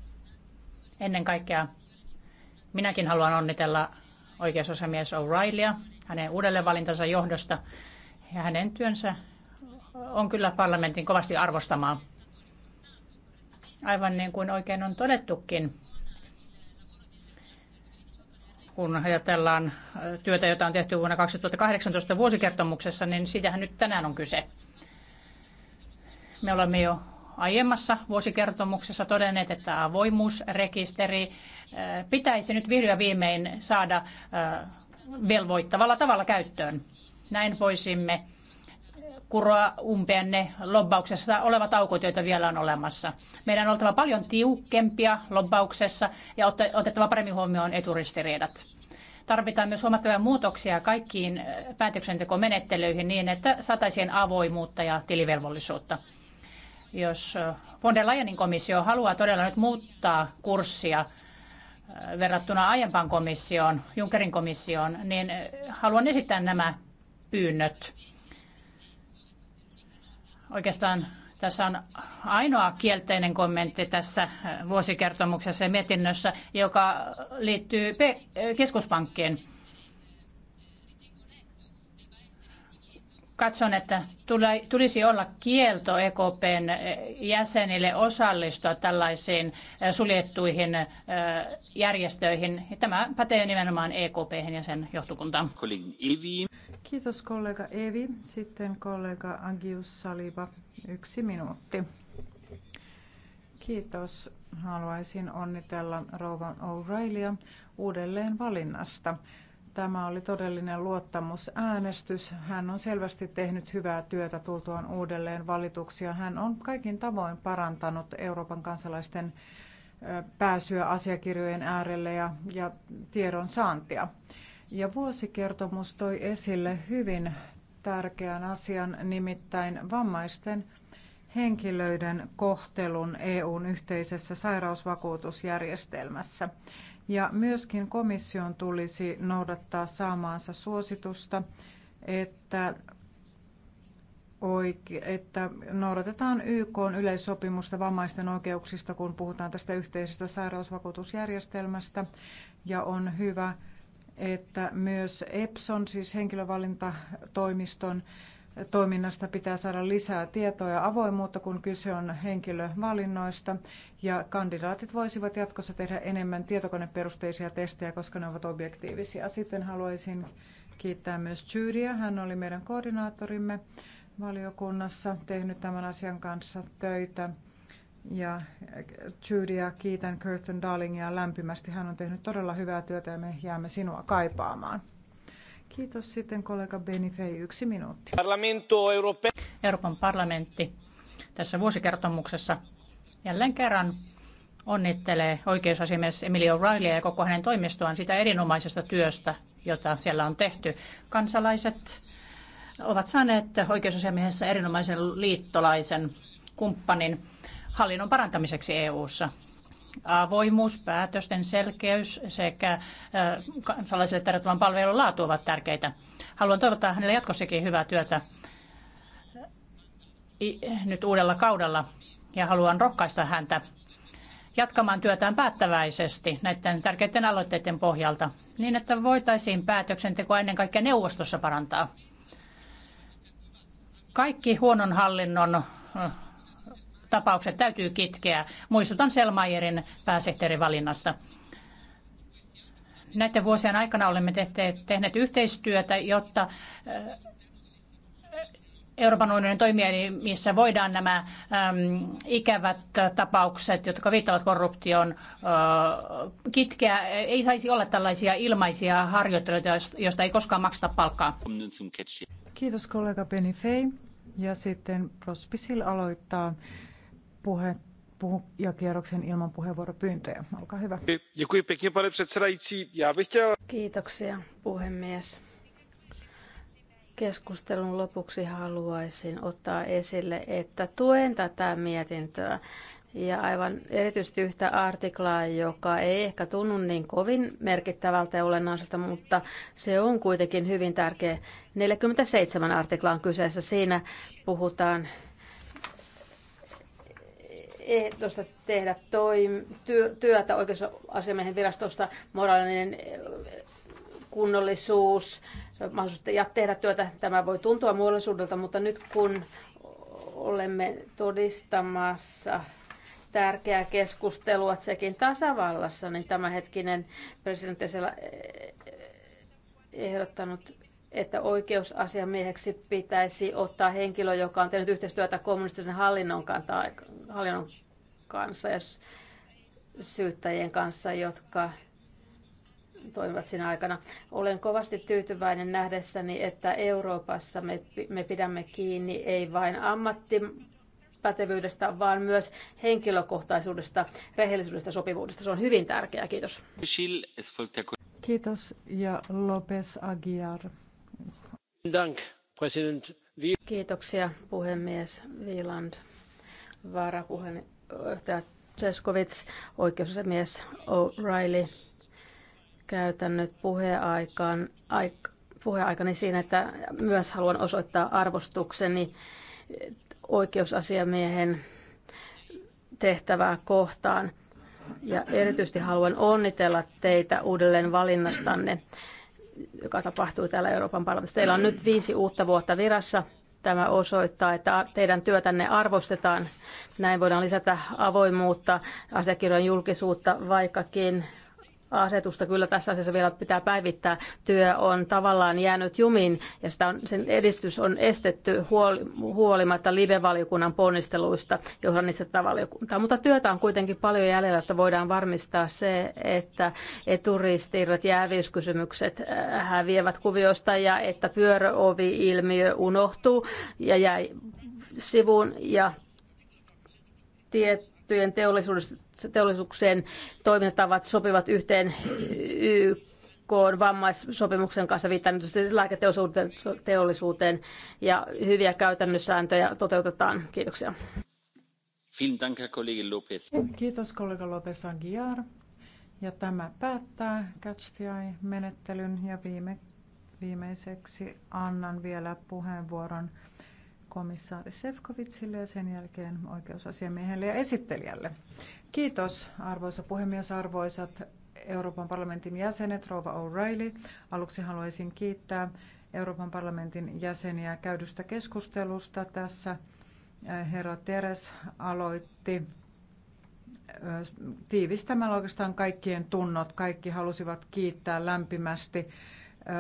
Ennen kaikkea minäkin haluan onnitella oikeusasiamies O'Reillya hänen uudelleenvalintansa johdosta ja hänen työnsä on kyllä parlamentin kovasti arvostamaa. Aivan niin kuin oikein on todettukin, kun ajatellaan äh, työtä, jota on tehty vuonna 2018 vuosikertomuksessa, niin siitähän nyt tänään on kyse. Me olemme jo aiemmassa vuosikertomuksessa todenneet, että avoimuusrekisteri äh, pitäisi nyt vihdoin viimein saada äh, velvoittavalla tavalla käyttöön. Näin voisimme kuroa umpeen ne lobbauksessa olevat aukot, joita vielä on olemassa. Meidän on oltava paljon tiukempia lobbauksessa ja otettava paremmin huomioon eturistiriidat. Tarvitaan myös huomattavia muutoksia kaikkiin päätöksentekomenettelyihin niin, että saataisiin avoimuutta ja tilivelvollisuutta jos von der Leyenin komissio haluaa todella nyt muuttaa kurssia verrattuna aiempaan komissioon, Junckerin komissioon, niin haluan esittää nämä pyynnöt. Oikeastaan tässä on ainoa kielteinen kommentti tässä äh, vuosikertomuksessa ja mietinnössä, joka liittyy äh, keskuspankkien katson, että tulisi olla kielto EKPn eh, jäsenille osallistua tällaisiin eh, suljettuihin eh, järjestöihin. Tämä pätee nimenomaan EKPhen ja sen johtokuntaan. Kiitos kollega Evi. Sitten kollega Agius Saliba. Yksi minuutti. Kiitos. Haluaisin onnitella rouvan O'Reillyä uudelleen valinnasta. Tämä oli todellinen luottamusäänestys. Hän on selvästi tehnyt hyvää työtä tultuaan uudelleen valituksia. Hän on kaikin tavoin parantanut Euroopan kansalaisten pääsyä asiakirjojen äärelle ja, ja tiedon saantia. Ja vuosikertomus toi esille hyvin tärkeän asian, nimittäin vammaisten henkilöiden kohtelun EUn yhteisessä sairausvakuutusjärjestelmässä. Ja myöskin komission tulisi noudattaa saamaansa suositusta, että, oike- että noudatetaan YK yleissopimusta vammaisten oikeuksista, kun puhutaan tästä yhteisestä sairausvakuutusjärjestelmästä. Ja on hyvä, että myös EPSON, siis henkilövalintatoimiston toiminnasta pitää saada lisää tietoa ja avoimuutta, kun kyse on henkilövalinnoista. Ja kandidaatit voisivat jatkossa tehdä enemmän tietokoneperusteisia testejä, koska ne ovat objektiivisia. Sitten haluaisin kiittää myös Judyä. Hän oli meidän koordinaattorimme valiokunnassa, tehnyt tämän asian kanssa töitä. Ja Judyä kiitän Curtin Darlingia lämpimästi. Hän on tehnyt todella hyvää työtä ja me jäämme sinua kaipaamaan. Kiitos sitten kollega Benifei, yksi minuutti. Euroopan parlamentti tässä vuosikertomuksessa jälleen kerran onnittelee oikeusasiamies Emilio O'Reillyä ja koko hänen toimistoaan sitä erinomaisesta työstä, jota siellä on tehty. Kansalaiset ovat saaneet oikeusasiamiehessä erinomaisen liittolaisen kumppanin hallinnon parantamiseksi EU:ssa avoimuus, päätösten selkeys sekä kansalaisille tarjottavan palvelun laatu ovat tärkeitä. Haluan toivottaa hänelle jatkossakin hyvää työtä nyt uudella kaudella ja haluan rohkaista häntä jatkamaan työtään päättäväisesti näiden tärkeiden aloitteiden pohjalta niin, että voitaisiin päätöksentekoa ennen kaikkea neuvostossa parantaa. Kaikki huonon hallinnon tapaukset täytyy kitkeä. Muistutan Selmayerin pääsihteerin valinnasta. Näiden vuosien aikana olemme tehneet yhteistyötä, jotta eh, Euroopan unionin toimielimissä voidaan nämä äm, ikävät tapaukset, jotka viittavat korruptioon, ä, kitkeä. Ei saisi olla tällaisia ilmaisia harjoitteluita, joista ei koskaan makseta palkkaa. Kiitos kollega Benifei. Ja sitten Prospisil aloittaa puhe, puhu, ja kierroksen ilman puheenvuoropyyntöjä. Olkaa hyvä. Kiitoksia puhemies. Keskustelun lopuksi haluaisin ottaa esille, että tuen tätä mietintöä ja aivan erityisesti yhtä artiklaa, joka ei ehkä tunnu niin kovin merkittävältä ja olennaiselta, mutta se on kuitenkin hyvin tärkeä. 47 artikla on kyseessä. Siinä puhutaan ehdosta tehdä toim, työ, työtä oikeusasiamiehen virastosta, moraalinen eh, kunnollisuus, mahdollisuus ja tehdä työtä. Tämä voi tuntua muodollisuudelta, mutta nyt kun olemme todistamassa tärkeää keskustelua sekin tasavallassa, niin tämänhetkinen presidentti eh, eh, ehdottanut että oikeusasiamieheksi pitäisi ottaa henkilö, joka on tehnyt yhteistyötä kommunistisen hallinnon, kantaa, hallinnon kanssa ja syyttäjien kanssa, jotka toimivat siinä aikana. Olen kovasti tyytyväinen nähdessäni, että Euroopassa me, me pidämme kiinni ei vain ammattipätevyydestä, vaan myös henkilökohtaisuudesta, rehellisyydestä, sopivuudesta. Se on hyvin tärkeää. Kiitos. Kiitos ja Lopez Aguiar. Kiitoksia puhemies Viiland, varapuheenjohtaja Seskovits, oikeusasiamies O'Reilly. Käytän nyt puheaikaan, puheaikani siinä, että myös haluan osoittaa arvostukseni oikeusasiamiehen tehtävää kohtaan. Ja erityisesti haluan onnitella teitä uudelleen valinnastanne joka tapahtuu täällä Euroopan parlamentissa. Teillä on nyt viisi uutta vuotta virassa. Tämä osoittaa, että teidän työtänne arvostetaan. Näin voidaan lisätä avoimuutta, asiakirjojen julkisuutta, vaikkakin asetusta kyllä tässä asiassa vielä pitää päivittää. Työ on tavallaan jäänyt jumiin ja sitä on, sen edistys on estetty huolimatta live-valiokunnan ponnisteluista, johon itse valiokuntaa. Mutta työtä on kuitenkin paljon jäljellä, että voidaan varmistaa se, että eturistiirrot ja häviyskysymykset äh, häviävät kuviosta ja että pyöröovi-ilmiö unohtuu ja jäi sivuun ja tiet tiettyjen teollisuuksien toimintatavat sopivat yhteen YK vammaissopimuksen kanssa viittaan lääketeollisuuteen ja hyviä käytännössääntöjä toteutetaan. Kiitoksia. Kiitos kollega Lopez Aguiar. Ja tämä päättää Catch the Eye-menettelyn ja viime, viimeiseksi annan vielä puheenvuoron komissaari Sefkovitsille ja sen jälkeen oikeusasiamiehelle ja esittelijälle. Kiitos arvoisa puhemies, arvoisat Euroopan parlamentin jäsenet, Rova O'Reilly. Aluksi haluaisin kiittää Euroopan parlamentin jäseniä käydystä keskustelusta tässä. Äh, herra Teres aloitti äh, tiivistämällä oikeastaan kaikkien tunnot. Kaikki halusivat kiittää lämpimästi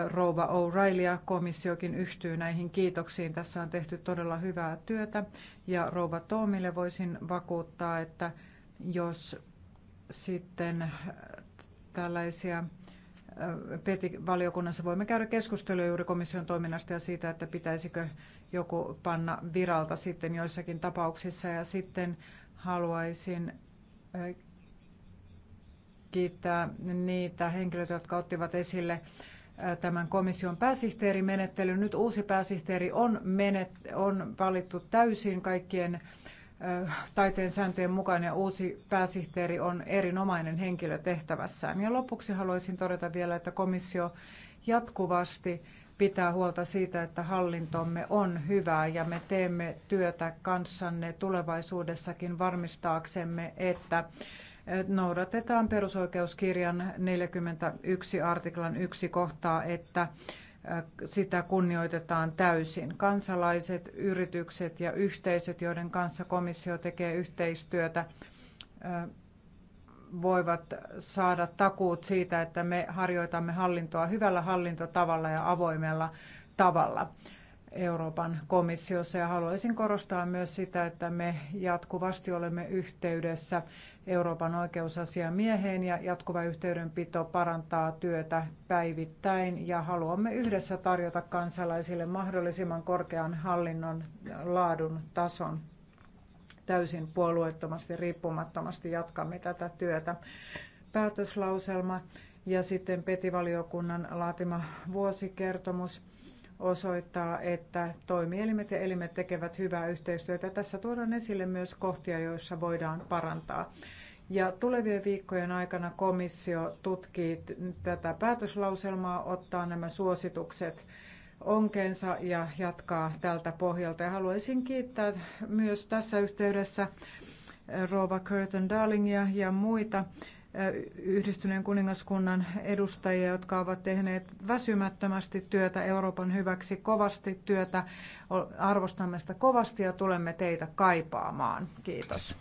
rouva O'Reillya. Komissiokin yhtyy näihin kiitoksiin. Tässä on tehty todella hyvää työtä. Ja rouva Toomille voisin vakuuttaa, että jos sitten äh, tällaisia äh, PETI-valiokunnassa voimme käydä keskustelua juuri komission toiminnasta ja siitä, että pitäisikö joku panna viralta sitten joissakin tapauksissa. Ja sitten haluaisin äh, kiittää niitä henkilöitä, jotka ottivat esille Äh, tämän komission pääsihteerimenettelyn. Nyt uusi pääsihteeri on, menet, on valittu täysin kaikkien äh, taiteen sääntöjen mukaan ja uusi pääsihteeri on erinomainen henkilö tehtävässään. Ja lopuksi haluaisin todeta vielä, että komissio jatkuvasti pitää huolta siitä, että hallintomme on hyvää ja me teemme työtä kanssanne tulevaisuudessakin varmistaaksemme, että noudatetaan perusoikeuskirjan 41 artiklan yksi kohtaa, että sitä kunnioitetaan täysin. Kansalaiset, yritykset ja yhteisöt, joiden kanssa komissio tekee yhteistyötä, voivat saada takuut siitä, että me harjoitamme hallintoa hyvällä hallintotavalla ja avoimella tavalla. Euroopan komissiossa ja haluaisin korostaa myös sitä, että me jatkuvasti olemme yhteydessä Euroopan oikeusasiamieheen ja jatkuva yhteydenpito parantaa työtä päivittäin ja haluamme yhdessä tarjota kansalaisille mahdollisimman korkean hallinnon laadun tason täysin puolueettomasti, riippumattomasti jatkamme tätä työtä. Päätöslauselma ja sitten petivaliokunnan laatima vuosikertomus – osoittaa, että toimielimet ja elimet tekevät hyvää yhteistyötä. Tässä tuodaan esille myös kohtia, joissa voidaan parantaa. Ja tulevien viikkojen aikana komissio tutkii tätä päätöslauselmaa, ottaa nämä suositukset onkeensa ja jatkaa tältä pohjalta. Ja haluaisin kiittää myös tässä yhteydessä Rova Curtin Darlingia ja muita yhdistyneen kuningaskunnan edustajia, jotka ovat tehneet väsymättömästi työtä Euroopan hyväksi, kovasti työtä. Arvostamme sitä kovasti ja tulemme teitä kaipaamaan. Kiitos.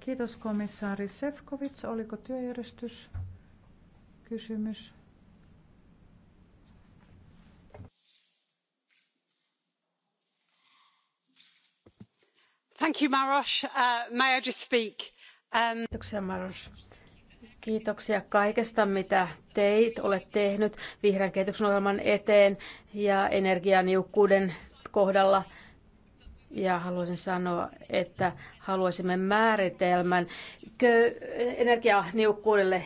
Kiitos komissaari Sefkovits. Oliko työjärjestys kysymys? Thank you, Marosh. Uh, may I just speak? Um... Kiitoksia Maros. Kiitoksia kaikesta, mitä teit, olet tehnyt vihreän kehityksen ohjelman eteen ja energianiukkuuden kohdalla. Ja haluaisin sanoa, että haluaisimme määritelmän energianiukkuudelle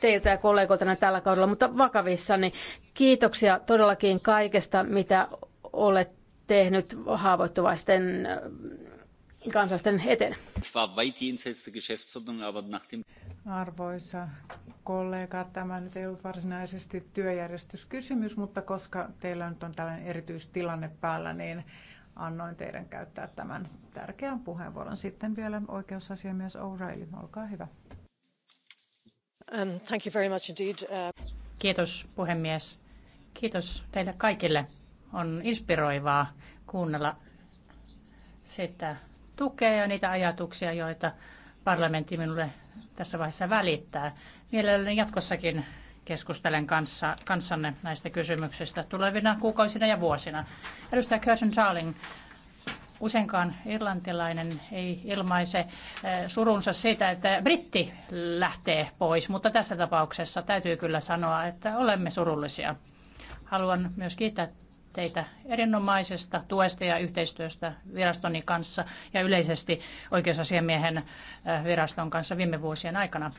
teiltä ja kollegoilta tällä kaudella, mutta vakavissani. Kiitoksia todellakin kaikesta, mitä olet tehnyt haavoittuvaisten kansalaisten eteen. Arvoisa kollega, tämä nyt ei ollut varsinaisesti työjärjestyskysymys, mutta koska teillä nyt on tällainen erityistilanne päällä, niin annoin teidän käyttää tämän tärkeän puheenvuoron. Sitten vielä oikeusasiamies O'Reilly, olkaa hyvä. Um, thank you very much indeed. Uh... Kiitos puhemies. Kiitos teille kaikille. On inspiroivaa kuunnella sitä, tukea ja niitä ajatuksia, joita parlamentti minulle tässä vaiheessa välittää. Mielelläni jatkossakin keskustelen kanssa, kanssanne näistä kysymyksistä tulevina kuukausina ja vuosina. Edustaja Kirsten Charling, useinkaan irlantilainen ei ilmaise eh, surunsa siitä, että britti lähtee pois, mutta tässä tapauksessa täytyy kyllä sanoa, että olemme surullisia. Haluan myös kiittää teitä erinomaisesta tuesta ja yhteistyöstä virastoni kanssa ja yleisesti oikeusasiamiehen äh, viraston kanssa viime vuosien aikana.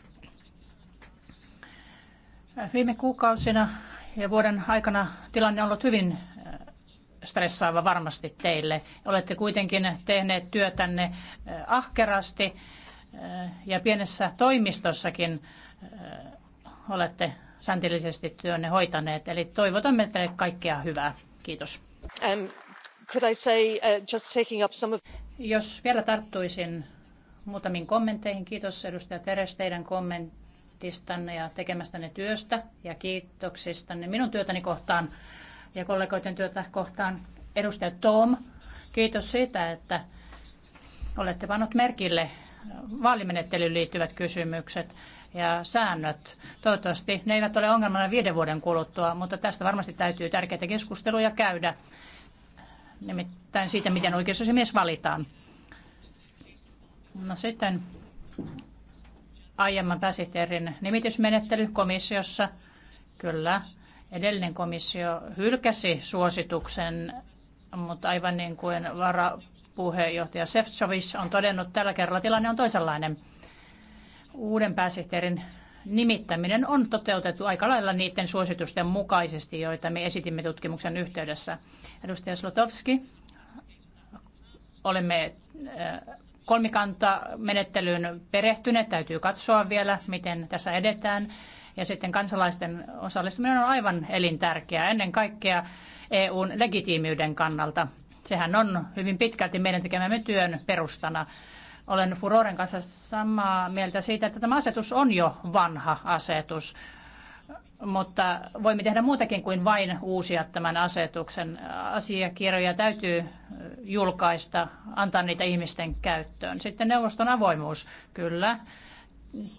Äh, viime kuukausina ja vuoden aikana tilanne on ollut hyvin äh, stressaava varmasti teille. Olette kuitenkin tehneet työtänne ahkerasti ja pienessä toimistossakin olette säntillisesti työnne hoitaneet. Eli toivotamme teille kaikkea hyvää. Kiitos. Um, uh, Jos vielä tarttuisin muutamiin kommentteihin. Kiitos edustaja Teres teidän kommentistanne ja tekemästänne työstä ja kiitoksistanne minun työtäni kohtaan ja kollegoiden työtä kohtaan. Edustaja Tom, kiitos siitä, että olette pannut merkille vaalimenettelyyn liittyvät kysymykset ja säännöt. Toivottavasti ne eivät ole ongelmana viiden vuoden kuluttua, mutta tästä varmasti täytyy tärkeitä keskusteluja käydä, nimittäin siitä, miten oikeusasiamies valitaan. No sitten aiemman pääsihteerin nimitysmenettely komissiossa. Kyllä, edellinen komissio hylkäsi suosituksen, mutta aivan niin kuin varapuheenjohtaja Sefcovic on todennut, tällä kerralla tilanne on toisenlainen – uuden pääsihteerin nimittäminen on toteutettu aika lailla niiden suositusten mukaisesti, joita me esitimme tutkimuksen yhteydessä. Edustaja Slotowski, olemme äh, kolmikantamenettelyyn perehtyneet. Täytyy katsoa vielä, miten tässä edetään. Ja sitten kansalaisten osallistuminen on aivan elintärkeää, ennen kaikkea EUn legitiimiyden kannalta. Sehän on hyvin pitkälti meidän tekemämme työn perustana. Olen Furoren kanssa samaa mieltä siitä, että tämä asetus on jo vanha asetus, mutta voimme tehdä muutakin kuin vain uusia tämän asetuksen. Asiakirjoja täytyy julkaista, antaa niitä ihmisten käyttöön. Sitten neuvoston avoimuus, kyllä.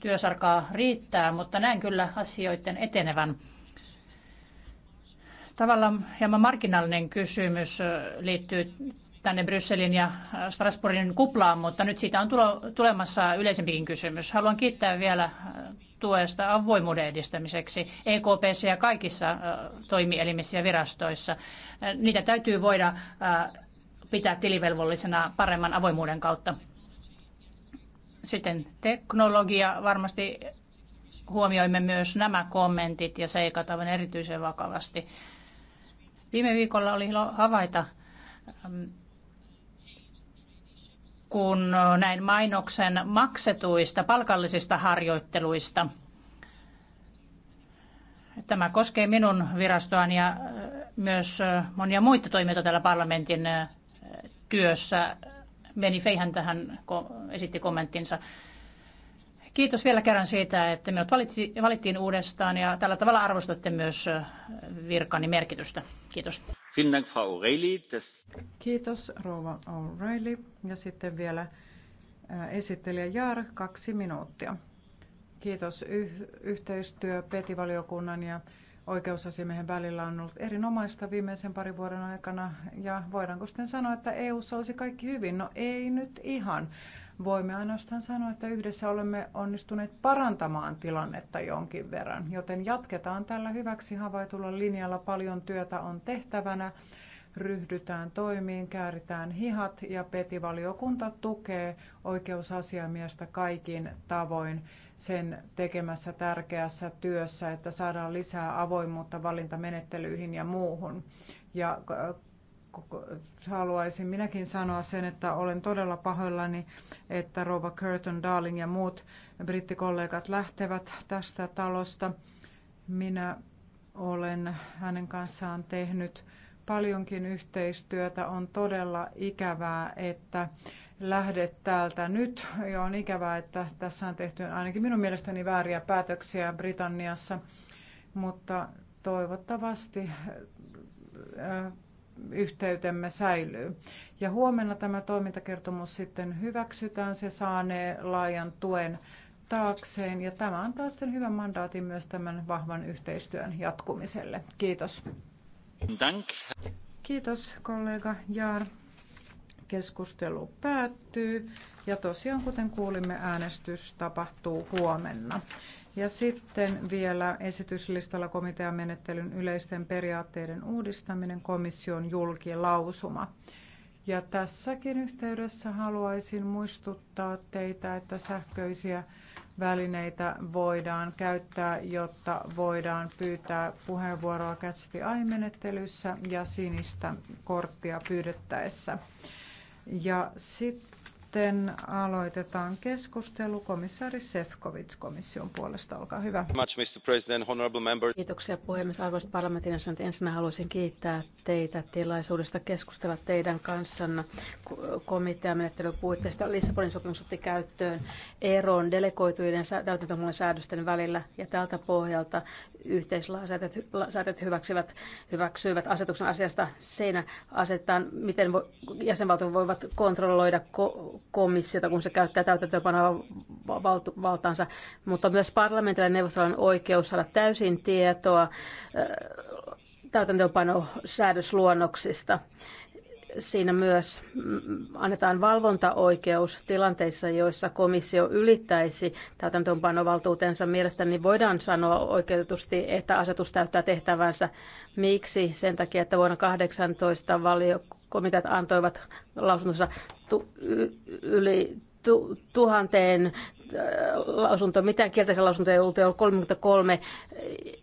Työsarkaa riittää, mutta näen kyllä asioiden etenevän tavallaan hieman marginaalinen kysymys liittyy tänne Brysselin ja äh, Strasbourgin kuplaan, mutta nyt siitä on tulo, tulemassa yleisempikin kysymys. Haluan kiittää vielä äh, tuesta avoimuuden edistämiseksi EKPssä ja kaikissa äh, toimielimissä ja virastoissa. Niitä täytyy voida pitää tilivelvollisena paremman avoimuuden kautta. Sitten teknologia. Varmasti huomioimme myös nämä kommentit ja seikat aivan erityisen vakavasti. Viime viikolla oli havaita kun näin mainoksen maksetuista palkallisista harjoitteluista. Tämä koskee minun virastoani ja myös monia muita toimijoita täällä parlamentin työssä. Meni Feihän tähän esitti kommenttinsa. Kiitos vielä kerran siitä, että minut valittiin uudestaan ja tällä tavalla arvostatte myös virkani merkitystä. Kiitos. Kiitos rouva O'Reilly. Ja sitten vielä esittelijä Jaar, kaksi minuuttia. Kiitos. yhteistyö PETI-valiokunnan ja oikeusasiamiehen välillä on ollut erinomaista viimeisen parin vuoden aikana. Ja voidaanko sitten sanoa, että EU olisi kaikki hyvin? No ei nyt ihan. Voimme ainoastaan sanoa, että yhdessä olemme onnistuneet parantamaan tilannetta jonkin verran, joten jatketaan tällä hyväksi havaitulla linjalla. Paljon työtä on tehtävänä, ryhdytään toimiin, kääritään hihat ja petivaliokunta tukee oikeusasiamiestä kaikin tavoin sen tekemässä tärkeässä työssä, että saadaan lisää avoimuutta valintamenettelyihin ja muuhun. Ja haluaisin minäkin sanoa sen, että olen todella pahoillani, että Rova Curtin, Darling ja muut brittikollegat lähtevät tästä talosta. Minä olen hänen kanssaan tehnyt paljonkin yhteistyötä. On todella ikävää, että lähdet täältä nyt. Ja on ikävää, että tässä on tehty ainakin minun mielestäni vääriä päätöksiä Britanniassa, mutta toivottavasti äh, yhteytemme säilyy. Ja huomenna tämä toimintakertomus sitten hyväksytään, se saanee laajan tuen taakseen ja tämä antaa sitten hyvän mandaatin myös tämän vahvan yhteistyön jatkumiselle. Kiitos. Dank. Kiitos kollega Jaar. Keskustelu päättyy ja tosiaan kuten kuulimme äänestys tapahtuu huomenna. Ja sitten vielä esityslistalla komitean menettelyn yleisten periaatteiden uudistaminen komission julkilausuma. Ja tässäkin yhteydessä haluaisin muistuttaa teitä, että sähköisiä välineitä voidaan käyttää, jotta voidaan pyytää puheenvuoroa kätsti the menettelyssä ja sinistä korttia pyydettäessä. Ja sitten sitten aloitetaan keskustelu. Komissaari Sefcovic komission puolesta, olkaa hyvä. Kiitoksia puhemies. Arvoisat parlamentin jäsenet, ensin haluaisin kiittää teitä tilaisuudesta keskustella teidän kanssanne komiteamenettelyn puitteista. Lissabonin sopimus otti käyttöön eroon delegoituiden täytäntömuun säädösten välillä ja tältä pohjalta yhteislainsäädäntö hyväksyvät, hyväksyvät asetuksen asiasta. Siinä asetetaan, miten jäsenvaltiot voivat kontrolloida komissiota, kun se käyttää täytäntöönpanoa valtaansa, mutta myös parlamentilla neuvostolla on oikeus saada täysin tietoa täytäntöönpanosäädösluonnoksista. Siinä myös mm, annetaan valvontaoikeus tilanteissa, joissa komissio ylittäisi täytäntöönpanovaltuutensa. Mielestäni voidaan sanoa oikeutetusti, että asetus täyttää tehtävänsä. Miksi? Sen takia, että vuonna 2018 valiokunta komiteat antoivat tu, yli tuhanteen lausunto, mitään kielteisiä lausuntoja ei ollut, ei ollut 33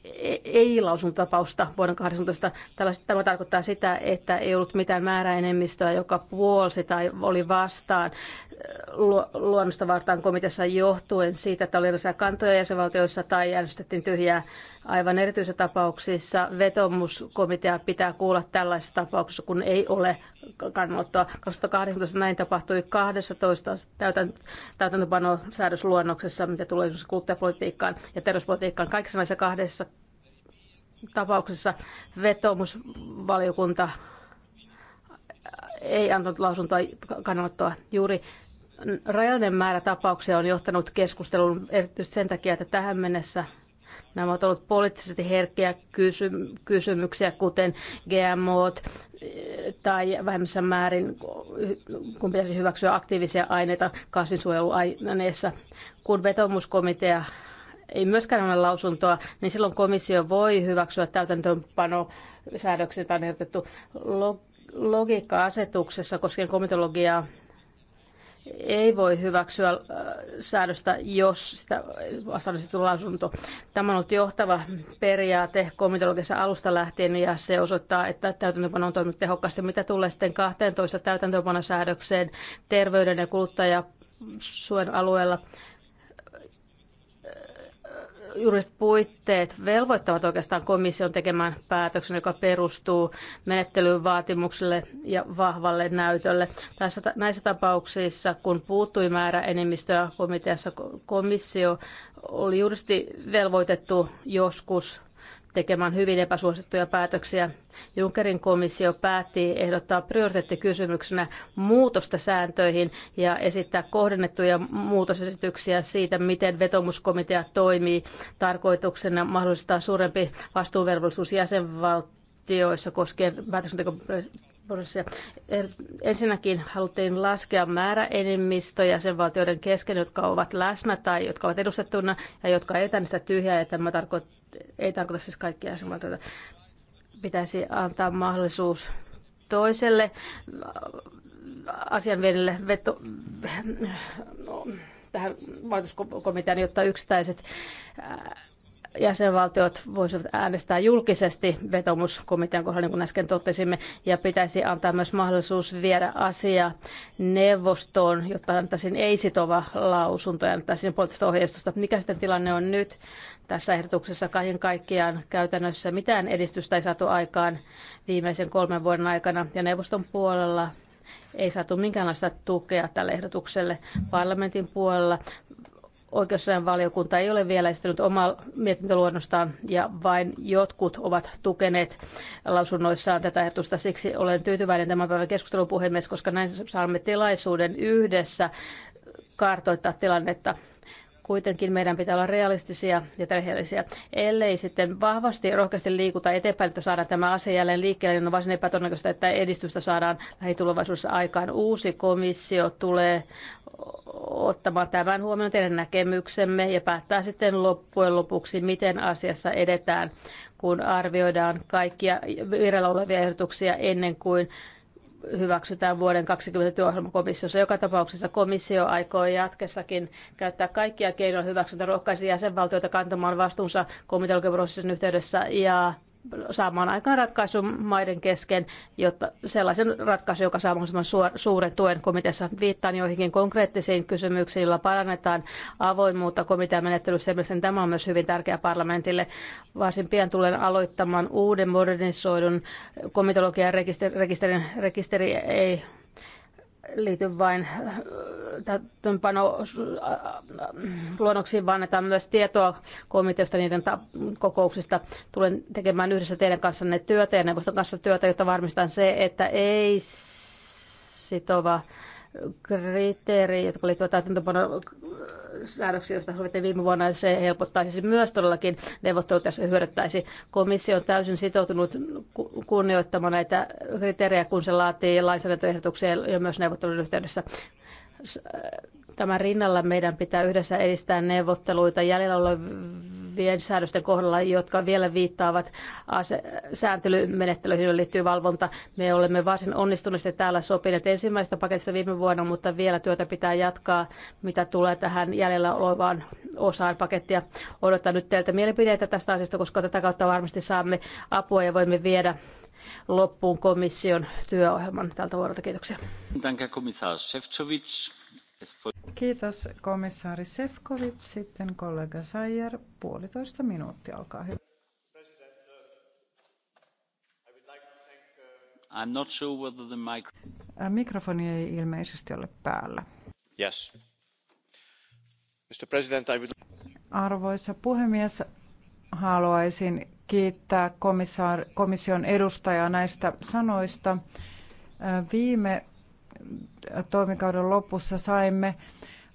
e, ei lausuntapausta vuonna 2018. Tämä tarkoittaa sitä, että ei ollut mitään määräenemmistöä, joka puolsi tai oli vastaan luonnosta vartaan komiteassa johtuen siitä, että oli erilaisia kantoja jäsenvaltioissa tai äänestettiin tyhjää. Aivan erityisissä tapauksissa vetomuskomitea pitää kuulla tällaisissa tapauksissa, kun ei ole kannanottoa. 2018 näin tapahtui 12 täytäntöpanosäädöstä säädösluonnoksessa, mitä tulee kuluttajapolitiikkaan ja terveyspolitiikkaan. Kaikissa näissä kahdessa tapauksessa vetoomusvaliokunta ei antanut lausuntoa kannanottoa juuri rajallinen määrä tapauksia on johtanut keskusteluun erityisesti sen takia, että tähän mennessä Nämä ovat olleet poliittisesti herkkiä kysy- kysymyksiä, kuten GMO eh, tai vähemmässä määrin, kun pitäisi hyväksyä aktiivisia aineita kasvinsuojeluaineissa. Kun vetomuskomitea ei myöskään ole lausuntoa, niin silloin komissio voi hyväksyä täytäntöönpanosäädökset, on ehdotettu logiikka-asetuksessa koskien komitologiaa ei voi hyväksyä äh, säädöstä, jos sitä vastaanotettu lausunto. Tämä on ollut johtava periaate komitologisessa alusta lähtien ja se osoittaa, että täytäntöpano on toiminut tehokkaasti. Mitä tulee sitten 12 täytäntöpanosäädökseen terveyden ja kuluttajasuojan alueella, juridiset puitteet velvoittavat oikeastaan komission tekemään päätöksen, joka perustuu menettelyyn vaatimukselle ja vahvalle näytölle. Tässä, näissä tapauksissa, kun puuttui määrä enemmistöä komiteassa, komissio oli juristi velvoitettu joskus tekemään hyvin epäsuosittuja päätöksiä. Junckerin komissio päätti ehdottaa prioriteettikysymyksenä muutosta sääntöihin ja esittää kohdennettuja muutosesityksiä siitä, miten vetomuskomitea toimii tarkoituksena mahdollistaa suurempi vastuuvelvollisuus jäsenvaltioissa koskien päätöksentekoprosessia. Er, ensinnäkin haluttiin laskea määräenemmistö jäsenvaltioiden kesken, jotka ovat läsnä tai jotka ovat edustettuna ja jotka eivät sitä tyhjää, ja tämä tarkoittaa ei tarkoita siis kaikkia että Pitäisi antaa mahdollisuus toiselle asianviennille veto, no, tähän valituskomitean, jotta yksittäiset jäsenvaltiot voisivat äänestää julkisesti vetomuskomitean kohdalla, niin kuin äsken totesimme, ja pitäisi antaa myös mahdollisuus viedä asia neuvostoon, jotta antaisiin ei-sitova lausunto ja antaisiin poliittista ohjeistusta. Mikä sitten tilanne on nyt tässä ehdotuksessa kaiken kaikkiaan käytännössä? Mitään edistystä ei saatu aikaan viimeisen kolmen vuoden aikana, ja neuvoston puolella ei saatu minkäänlaista tukea tälle ehdotukselle parlamentin puolella Oikeusasian valiokunta ei ole vielä esittänyt omaa mietintöluonnostaan ja vain jotkut ovat tukeneet lausunnoissaan tätä ehdotusta. Siksi olen tyytyväinen tämän päivän keskustelun puhemies, koska näin saamme tilaisuuden yhdessä kartoittaa tilannetta kuitenkin meidän pitää olla realistisia ja terheellisiä. Ellei sitten vahvasti ja rohkeasti liikuta eteenpäin, että saadaan tämä asia jälleen liikkeelle, niin on varsin epätodennäköistä, että edistystä saadaan lähitulevaisuudessa aikaan. Uusi komissio tulee ottamaan tämän huomioon teidän näkemyksemme ja päättää sitten loppujen lopuksi, miten asiassa edetään, kun arvioidaan kaikkia vireillä olevia ehdotuksia ennen kuin hyväksytään vuoden 2020 työohjelmakomissiossa. Joka tapauksessa komissio aikoo jatkessakin käyttää kaikkia keinoja hyväksyntä rohkaisi jäsenvaltioita kantamaan vastuunsa komiteologiprosessin yhteydessä ja saamaan aikaan ratkaisun maiden kesken, jotta sellaisen ratkaisun, joka saa mahdollisimman suuren tuen komiteassa. Viittaan joihinkin konkreettisiin kysymyksiin, joilla parannetaan avoimuutta komitean menettelyssä. Mielestäni tämä on myös hyvin tärkeä parlamentille. Varsin pian tulen aloittamaan uuden modernisoidun komitologian rekisterin, rekisterin rekisteri ei liity vain äh, äh, äh, luonnoksiin, vaan annetaan myös tietoa komiteosta niiden kokouksista. Tulen tekemään yhdessä teidän kanssanne työtä ja neuvoston kanssa työtä, jotta varmistetaan se, että ei sitova kriteeri, jotka liittyvät täytäntöpanon säädöksiä, joista sovittiin viime vuonna, että se helpottaisi siis myös todellakin neuvottelut, jos se hyödyttäisi. Komissio on täysin sitoutunut kunnioittamaan näitä kriteerejä, kun se laatii lainsäädäntöehdotuksia ja myös neuvottelun yhteydessä. Äh, tämän rinnalla meidän pitää yhdessä edistää neuvotteluita jäljellä olevien säädösten kohdalla, jotka vielä viittaavat sääntelymenettelyihin, joihin liittyy valvonta. Me olemme varsin onnistuneesti täällä sopineet ensimmäistä paketista viime vuonna, mutta vielä työtä pitää jatkaa, mitä tulee tähän jäljellä olevaan osaan pakettia. Odotan nyt teiltä mielipiteitä tästä asiasta, koska tätä kautta varmasti saamme apua ja voimme viedä loppuun komission työohjelman tältä vuodelta. Kiitoksia. Kiitos komissaari Sefcovic. Sitten kollega Sayer, puolitoista minuuttia, olkaa hyvä. I'm not sure whether the Mikrofoni ei ilmeisesti ole päällä. Yes. Mr. President, I would... Arvoisa puhemies, haluaisin kiittää komission edustajaa näistä sanoista. Äh, viime toimikauden lopussa saimme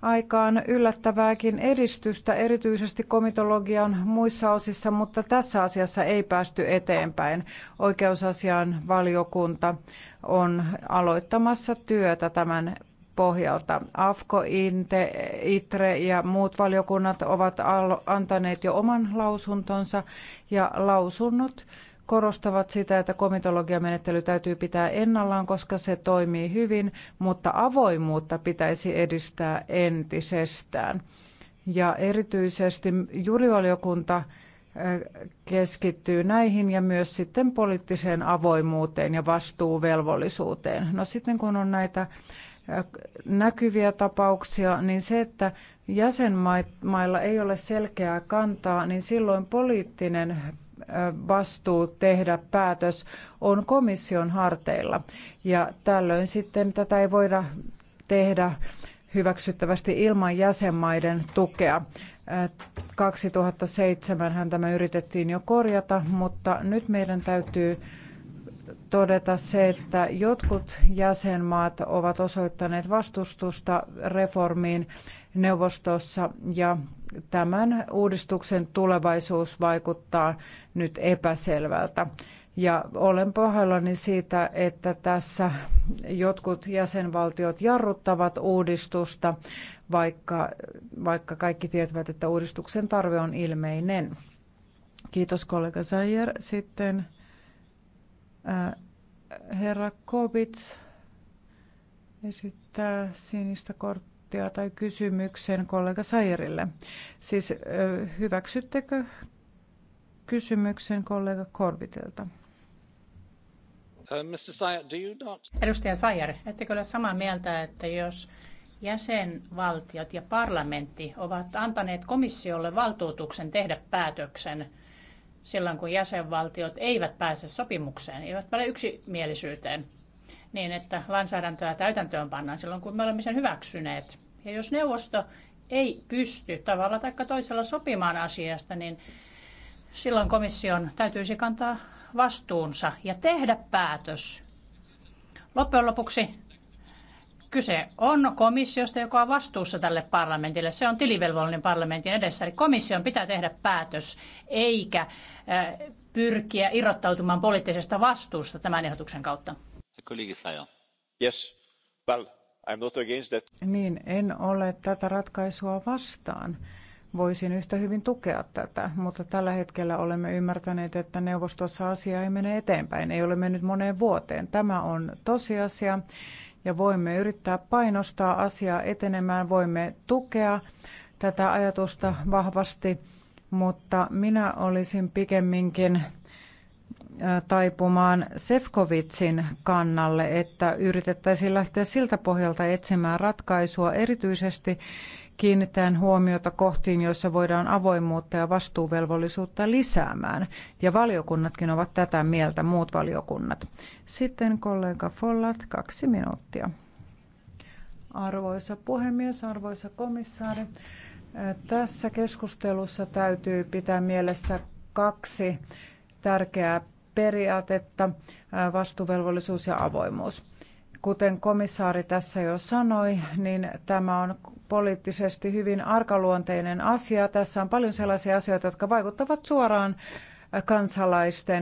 aikaan yllättävääkin edistystä, erityisesti komitologian muissa osissa, mutta tässä asiassa ei päästy eteenpäin. Oikeusasian valiokunta on aloittamassa työtä tämän pohjalta. AFKO, INTE, ITRE ja muut valiokunnat ovat antaneet jo oman lausuntonsa ja lausunnot korostavat sitä, että komitologiamenettely täytyy pitää ennallaan, koska se toimii hyvin, mutta avoimuutta pitäisi edistää entisestään. Ja erityisesti jurivaliokunta äh, keskittyy näihin ja myös sitten poliittiseen avoimuuteen ja vastuuvelvollisuuteen. No sitten kun on näitä näkyviä tapauksia, niin se, että jäsenmailla ei ole selkeää kantaa, niin silloin poliittinen vastuu tehdä päätös on komission harteilla. Ja tällöin sitten tätä ei voida tehdä hyväksyttävästi ilman jäsenmaiden tukea. 2007 tämä yritettiin jo korjata, mutta nyt meidän täytyy todeta se, että jotkut jäsenmaat ovat osoittaneet vastustusta reformiin neuvostossa ja tämän uudistuksen tulevaisuus vaikuttaa nyt epäselvältä. Ja olen pahoillani siitä, että tässä jotkut jäsenvaltiot jarruttavat uudistusta, vaikka, vaikka kaikki tietävät, että uudistuksen tarve on ilmeinen. Kiitos kollega Sayer. Sitten Äh, herra Kobits esittää sinistä korttia tai kysymyksen kollega Sairille. Siis äh, hyväksyttekö kysymyksen kollega Korbitilta? Äh, Edustaja Sayer, ettekö ole samaa mieltä, että jos jäsenvaltiot ja parlamentti ovat antaneet komissiolle valtuutuksen tehdä päätöksen silloin, kun jäsenvaltiot eivät pääse sopimukseen, eivät pääse yksimielisyyteen, niin että lainsäädäntöä täytäntöön pannaan silloin, kun me olemme sen hyväksyneet. Ja jos neuvosto ei pysty tavalla tai toisella sopimaan asiasta, niin silloin komission täytyisi kantaa vastuunsa ja tehdä päätös. Loppujen lopuksi Kyse on komissiosta, joka on vastuussa tälle parlamentille. Se on tilivelvollinen parlamentin edessä. Eli komission pitää tehdä päätös, eikä äh, pyrkiä irrottautumaan poliittisesta vastuusta tämän ehdotuksen kautta. Yes. Well, I'm not against that. Niin, en ole tätä ratkaisua vastaan. Voisin yhtä hyvin tukea tätä, mutta tällä hetkellä olemme ymmärtäneet, että neuvostossa asia ei mene eteenpäin. Ei ole mennyt moneen vuoteen. Tämä on tosiasia ja voimme yrittää painostaa asiaa etenemään, voimme tukea tätä ajatusta vahvasti, mutta minä olisin pikemminkin taipumaan Sefkovitsin kannalle, että yritettäisiin lähteä siltä pohjalta etsimään ratkaisua erityisesti kiinnitään huomiota kohtiin, joissa voidaan avoimuutta ja vastuuvelvollisuutta lisäämään. Ja valiokunnatkin ovat tätä mieltä, muut valiokunnat. Sitten kollega Follat, kaksi minuuttia. Arvoisa puhemies, arvoisa komissaari. Tässä keskustelussa täytyy pitää mielessä kaksi tärkeää periaatetta, vastuuvelvollisuus ja avoimuus. Kuten komissaari tässä jo sanoi, niin tämä on poliittisesti hyvin arkaluonteinen asia. Tässä on paljon sellaisia asioita, jotka vaikuttavat suoraan kansalaisten